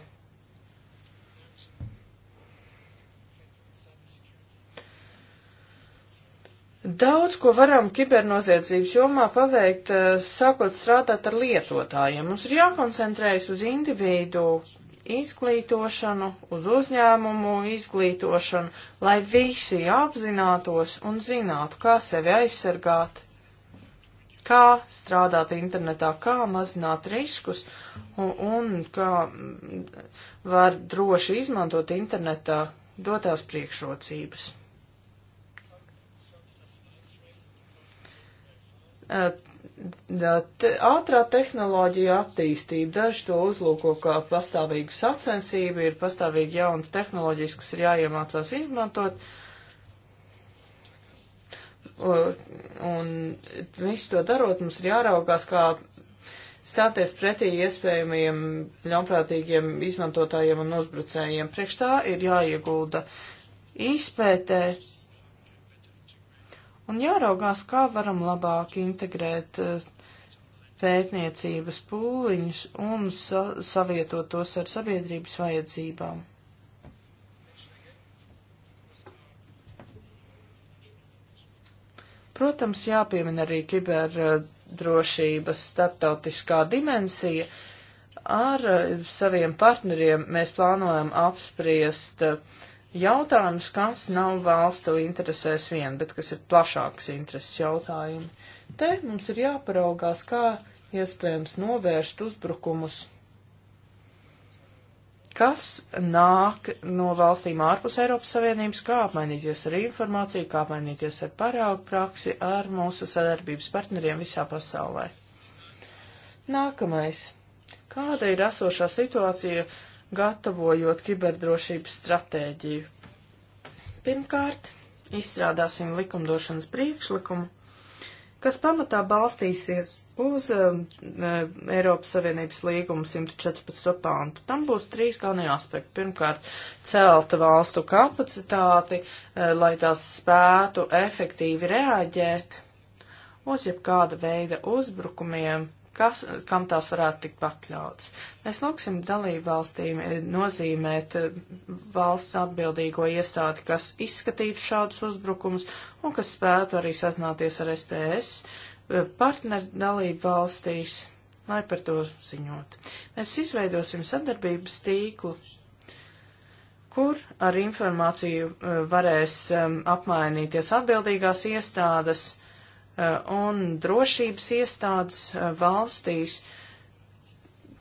Daudz ko varam kibernoziedzības jomā paveikt, sākot strādāt ar lietotājiem. Mums ir jākoncentrējas uz individu, izglītošanu, uz uzņēmumu izglītošanu, lai visi apzinātos un zinātu, kā sevi aizsargāt, kā strādāt internetā, kā mazināt riskus un, un kā var droši izmantot internetā dotās priekšrocības. Eh, te, ātrā tehnoloģija attīstība, daži to uzlūko kā pastāvīgu sacensību, ir pastāvīgi jaunas tehnoloģijas, kas ir jāiemācās izmantot. Un visu to darot, mums ir jāraugās, kā stāties pretī iespējamiem ļaunprātīgiem izmantotājiem un uzbrucējiem. Priekš tā ir jāiegulda izpētē, un jāraugās, kā varam labāk integrēt eh, pētniecības pūliņus un sa savietot tos ar sabiedrības vajadzībām. Protams, jāpiemina arī kiberdrošības starptautiskā dimensija. Ar eh, saviem partneriem mēs plānojam apspriest uh, jautājumus, kas nav valstu interesēs vien, bet kas ir plašāks intereses jautājumi. Te mums ir jāparaugās, kā iespējams novērst uzbrukumus, kas nāk no valstīm ārpus Eiropas Savienības, kā apmainīties ar informāciju, kā apmainīties ar paraugu praksi ar mūsu sadarbības partneriem visā pasaulē. Nākamais. Kāda ir esošā situācija gatavojot kiberdrošības stratēģiju. Pirmkārt, izstrādāsim likumdošanas priekšlikumu, kas pamatā balstīsies uz um, e, Eiropas Savienības līguma 114. pantu. Tam būs trīs galvenie aspekti. Pirmkārt, celta valstu kapacitāti, uh, lai tās spētu efektīvi reaģēt uz jebkāda veida uzbrukumiem kas, kam tās varētu tikt pakļauts. Mēs lūksim dalību valstīm eh, nozīmēt eh, valsts atbildīgo iestādi, kas izskatītu šādus uzbrukumus un kas spētu arī sazināties ar SPS eh, partneru dalību valstīs, lai par to ziņot. Mēs izveidosim sadarbības tīklu, kur ar informāciju varēs apmainīties atbildīgās iestādes Uh, un drošības iestādes uh, valstīs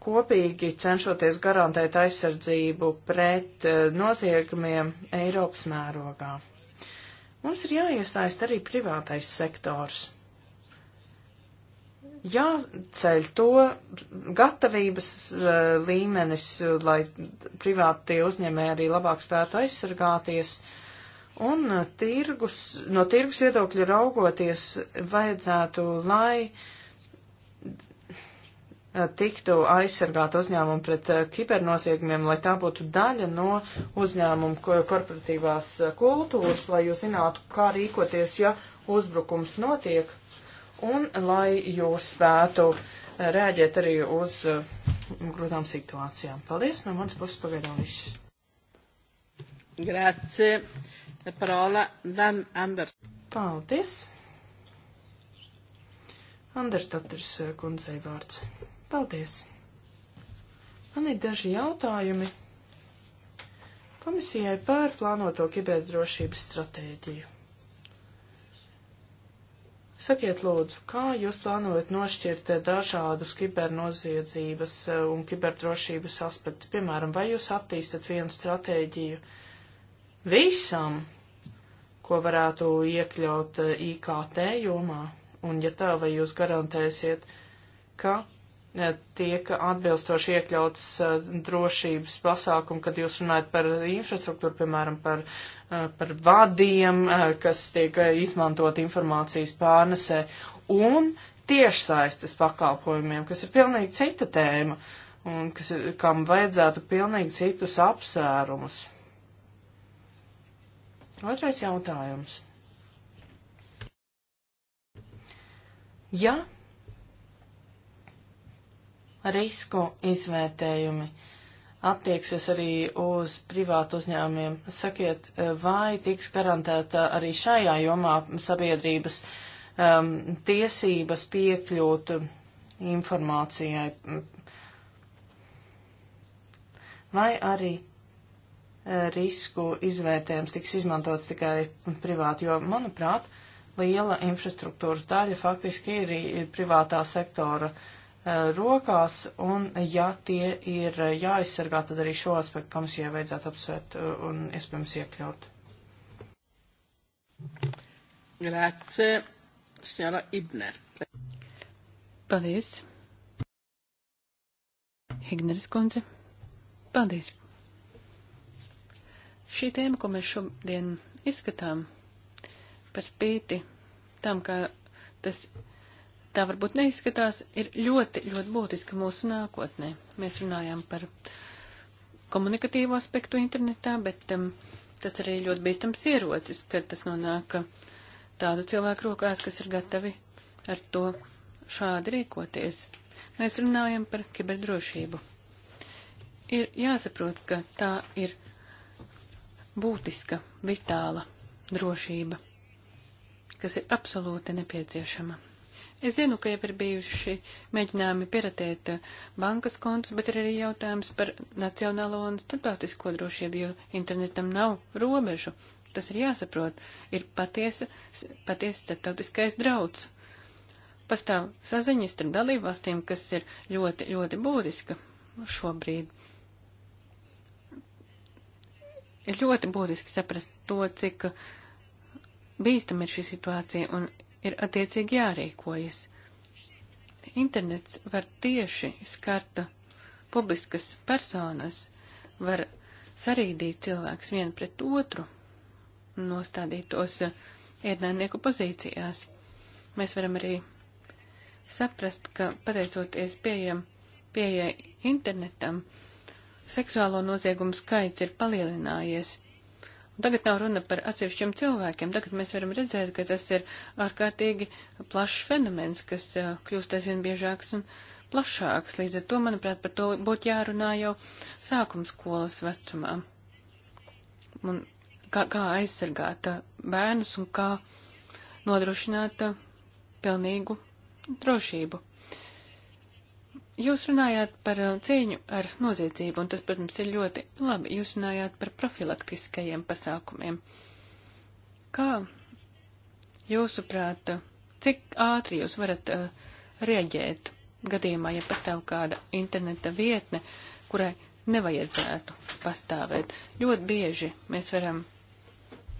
kopīgi cenšoties garantēt aizsardzību pret uh, noziegumiem Eiropas mērogā. Mums ir jāiesaist arī privātais sektors. Jāceļ to gatavības līmenis, lai privāti uzņēmēji arī labāk spētu aizsargāties uh, Un uh, tirgus, no tirgus viedokļa raugoties, vajadzētu, lai uh, tiktu aizsargāt uzņēmumu pret uh, kibernoziegumiem, lai tā būtu daļa no uzņēmumu korporatīvās kultūras, lai jūs zinātu, kā rīkoties, ja uzbrukums notiek, un lai jūs spētu rēģēt arī uz grūtām situācijām. Paldies, no manas puses pagaidām viss. Grazie. La parola Dan Anders. Paldies. Andersdoktors eh, kundzei vārds. Paldies. Man ir daži jautājumi komisijai par plānoto kiberdrošības stratēģiju. Sakiet, lūdzu, kā jūs plānojat nošķirt eh, dažādus kibernoziedzības eh, un kiberdrošības aspektus? Piemēram, vai jūs attīstat vienu stratēģiju? Uh, visam, ko varētu iekļaut eh, IKT jomā. Un ja tā, vai jūs garantēsiet, ka eh, tiek atbilstoši iekļauts eh, drošības pasākumi, kad jūs runājat par infrastruktūru, piemēram, par, par vadiem, kas tiek izmantot informācijas pārnesē, un tiešsaistes pakalpojumiem, kas ir pilnīgi cita tēma, un kas, kam vajadzētu pilnīgi citus apsvērumus. Otrais jautājums. Ja risku izvērtējumi attieksies arī uz privātu uzņēmumiem, sakiet, vai tiks garantēta arī šajā jomā sabiedrības um, tiesības piekļūt informācijai, vai arī risku izvērtējums tiks izmantots tikai privāti, jo, manuprāt, liela infrastruktūras daļa faktiski ir privātā sektora e, rokās, un ja tie ir jāaizsargā, tad arī šo aspektu komisijai vajadzētu apsvērt e, un iespējams iekļaut. Grāce, Sjara Ibner. Paldies. Higneris kundze. Paldies. Šī tēma, ko mēs šodien izskatām, par spīti tam, ka tas tā varbūt neizskatās, ir ļoti, ļoti būtiska mūsu nākotnē. Mēs runājām par komunikatīvo aspektu internetā, bet um, tas arī ļoti bīstams ierocis, kad tas nonāk tādu cilvēku rokās, kas ir gatavi ar to šādi rīkoties. Mēs runājam par kiberdrošību. Ir jāsaprot, ka tā ir būtiska, vitāla drošība, kas ir absolūti nepieciešama. Es zinu, ka jau ir bijuši mēģinājumi piratēt bankas kontus, bet ir arī jautājums par nacionālo un starptautisko drošību, jo internetam nav robežu. Tas ir jāsaprot. Ir patiesa, patiesa starptautiskais drauds. Pastāv saziņas starp dalībvalstīm, kas ir ļoti, ļoti būtiska šobrīd ir ļoti būtiski saprast to, cik bīstam ir šī situācija un ir attiecīgi jārīkojas. Internets var tieši skart publiskas personas, var sarīdīt cilvēks vienu pret otru, nostādīt tos ienaidnieku pozīcijās. Mēs varam arī saprast, ka pateicoties pieejam, pieejai internetam, uh, seksuālo noziegumu skaits ir palielinājies. Un tagad nav runa par atsevišķiem cilvēkiem, tagad mēs varam redzēt, ka tas ir ārkārtīgi plašs fenomens, kas uh, kļūst aizvien biežāks un plašāks. Līdz ar to, manuprāt, par to būtu jārunā jau sākumskolas vecumā. Un kā, kā aizsargāt uh, bērnus un kā nodrošināt uh, pilnīgu drošību. Uh, Jūs runājāt par uh, cīņu ar noziedzību, un tas, protams, ir ļoti labi. Jūs runājāt par profilaktiskajiem pasākumiem. Kā jūsuprāt, cik ātri jūs varat uh, rieģēt gadījumā, ja pastāv kāda interneta vietne, kurai nevajadzētu pastāvēt? Ļoti bieži mēs varam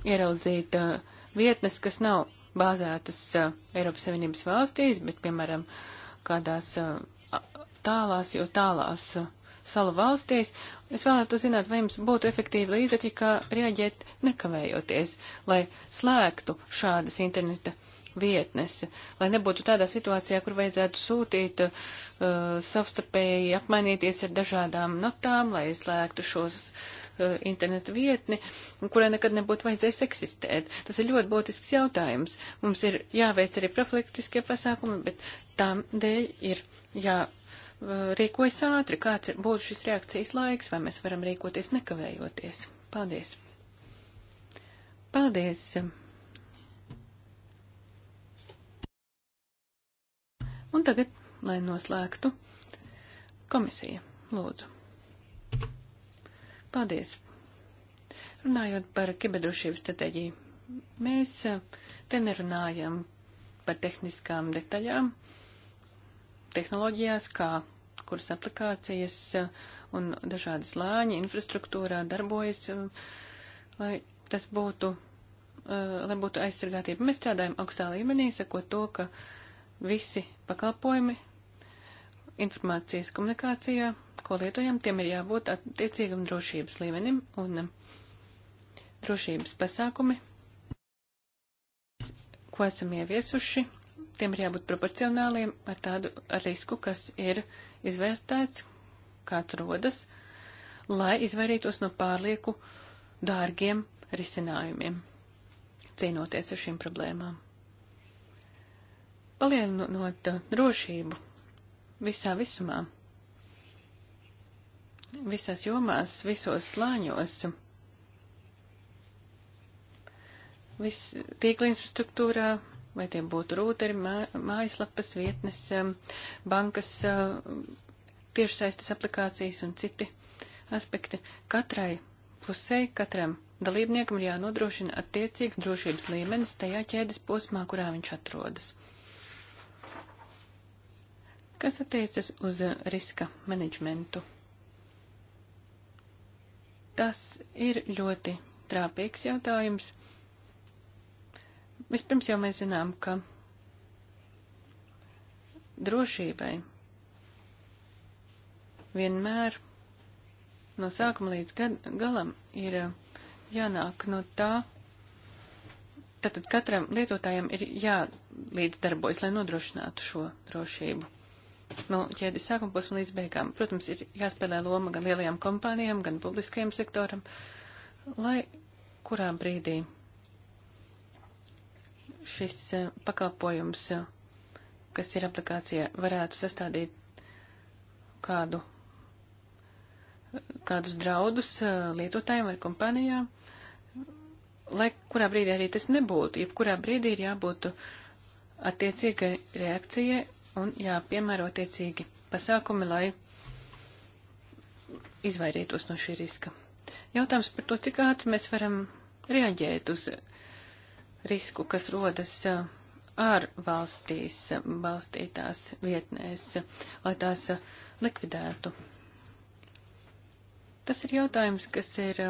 ieraudzīt uh, vietnes, kas nav bāzētas uh, Eiropas Savienības valstīs, bet, piemēram, kādās uh, tālās, jo tālās uh, salu valstīs. Es vēlētu zināt, vai jums būtu efektīvi līdzekļi, kā rieģēt nekavējoties, lai slēgtu šādas interneta vietnes, lai nebūtu tādā situācijā, kur vajadzētu sūtīt uh, savstarpēji apmainīties ar dažādām notām, lai slēgtu šos uh, internetu vietni, kurai nekad nebūtu vajadzējis eksistēt. Tas ir ļoti būtisks jautājums. Mums ir jāveic arī profilaktiskie pasākumi, bet tām dēļ ir jā rīkojas ātri, kāds būtu šis reakcijas laiks, vai mēs varam rīkoties nekavējoties. Paldies! Paldies! Un tagad, lai noslēgtu, komisija, lūdzu. Paldies! Runājot par kiberdrošības stratēģiju, mēs eh, te nerunājam par tehniskām detaļām, tehnoloģijās, kā kuras aplikācijas eh, un dažādi slāņi infrastruktūrā darbojas, eh, lai tas būtu, eh, lai būtu aizsargātība. Mēs strādājam augstā līmenī, sakot to, ka visi pakalpojumi informācijas komunikācijā, ko lietojam, tiem ir jābūt attiecīgam drošības līmenim un drošības pasākumi, ko esam ieviesuši tiem ir jābūt proporcionāliem ar tādu risku, kas ir izvērtēts, kāds rodas, lai izvairītos no pārlieku dārgiem risinājumiem, cīnoties ar šīm problēmām. Palielinot drošību visā visumā, visās jomās, visos slāņos, viss tīkla infrastruktūrā, vai tie būtu rūteri, mā, mājaslapas, vietnes, um, bankas, um, tiešsaistes aplikācijas un citi aspekti. Katrai pusē, katram dalībniekam ir jānodrošina attiecīgs drošības līmenis tajā ķēdes posmā, kurā viņš atrodas. Kas attiecas uz uh, riska menedžmentu? Tas ir ļoti trāpīgs jautājums. Vispirms jau mēs zinām, ka drošībai vienmēr no sākuma līdz gad, galam ir jānāk no tā, tātad katram lietotājam ir jālīdzdarbojas, lai nodrošinātu šo drošību. No nu, ķēdes sākuma posma līdz beigām. Protams, ir jāspēlē loma gan lielajām kompānijām, gan publiskajam sektoram, lai kurā brīdī šis pakalpojums, kas ir aplikācija, varētu sastādīt kādu, kādus draudus lietotājiem vai kompānijām, lai kurā brīdī arī tas nebūtu, jebkurā brīdī ir jābūt attiecīgai reakcijai un jāpiemēro attiecīgi pasākumi, lai izvairītos no šī riska. Jautājums par to, cik ātri mēs varam reaģēt uz risku, kas rodas ārvalstīs balstītās vietnēs, lai tās likvidētu. Tas ir jautājums, kas ir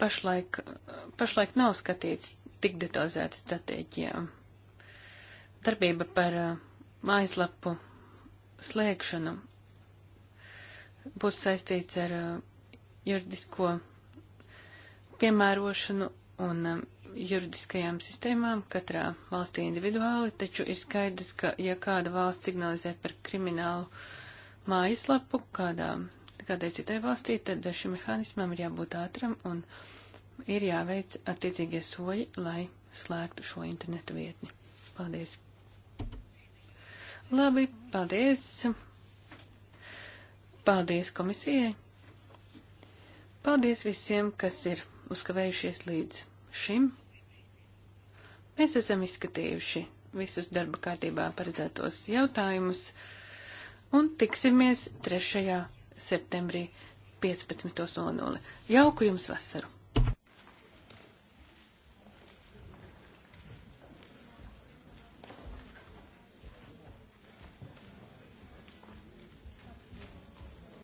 pašlaik, pašlaik nav skatīts tik detalizēti stratēģijā. Darbība par mājaslapu slēgšanu būs saistīts ar juridisko piemērošanu un um, juridiskajām sistēmām katrā valstī individuāli, taču ir skaidrs, ka ja kāda valsts signalizē par kriminālu mājaslapu kādā, kādai citai valstī, tad šim mehānismam ir jābūt ātram un ir jāveic attiecīgie soļi, lai slēgtu šo internetu vietni. Paldies! Labi, paldies! Paldies komisijai! Paldies visiem, kas ir uzkavējušies līdz šim. Mēs esam izskatījuši visus darba kārtībā paredzētos jautājumus un tiksimies 3. septembrī 15.00. Jauku jums vasaru!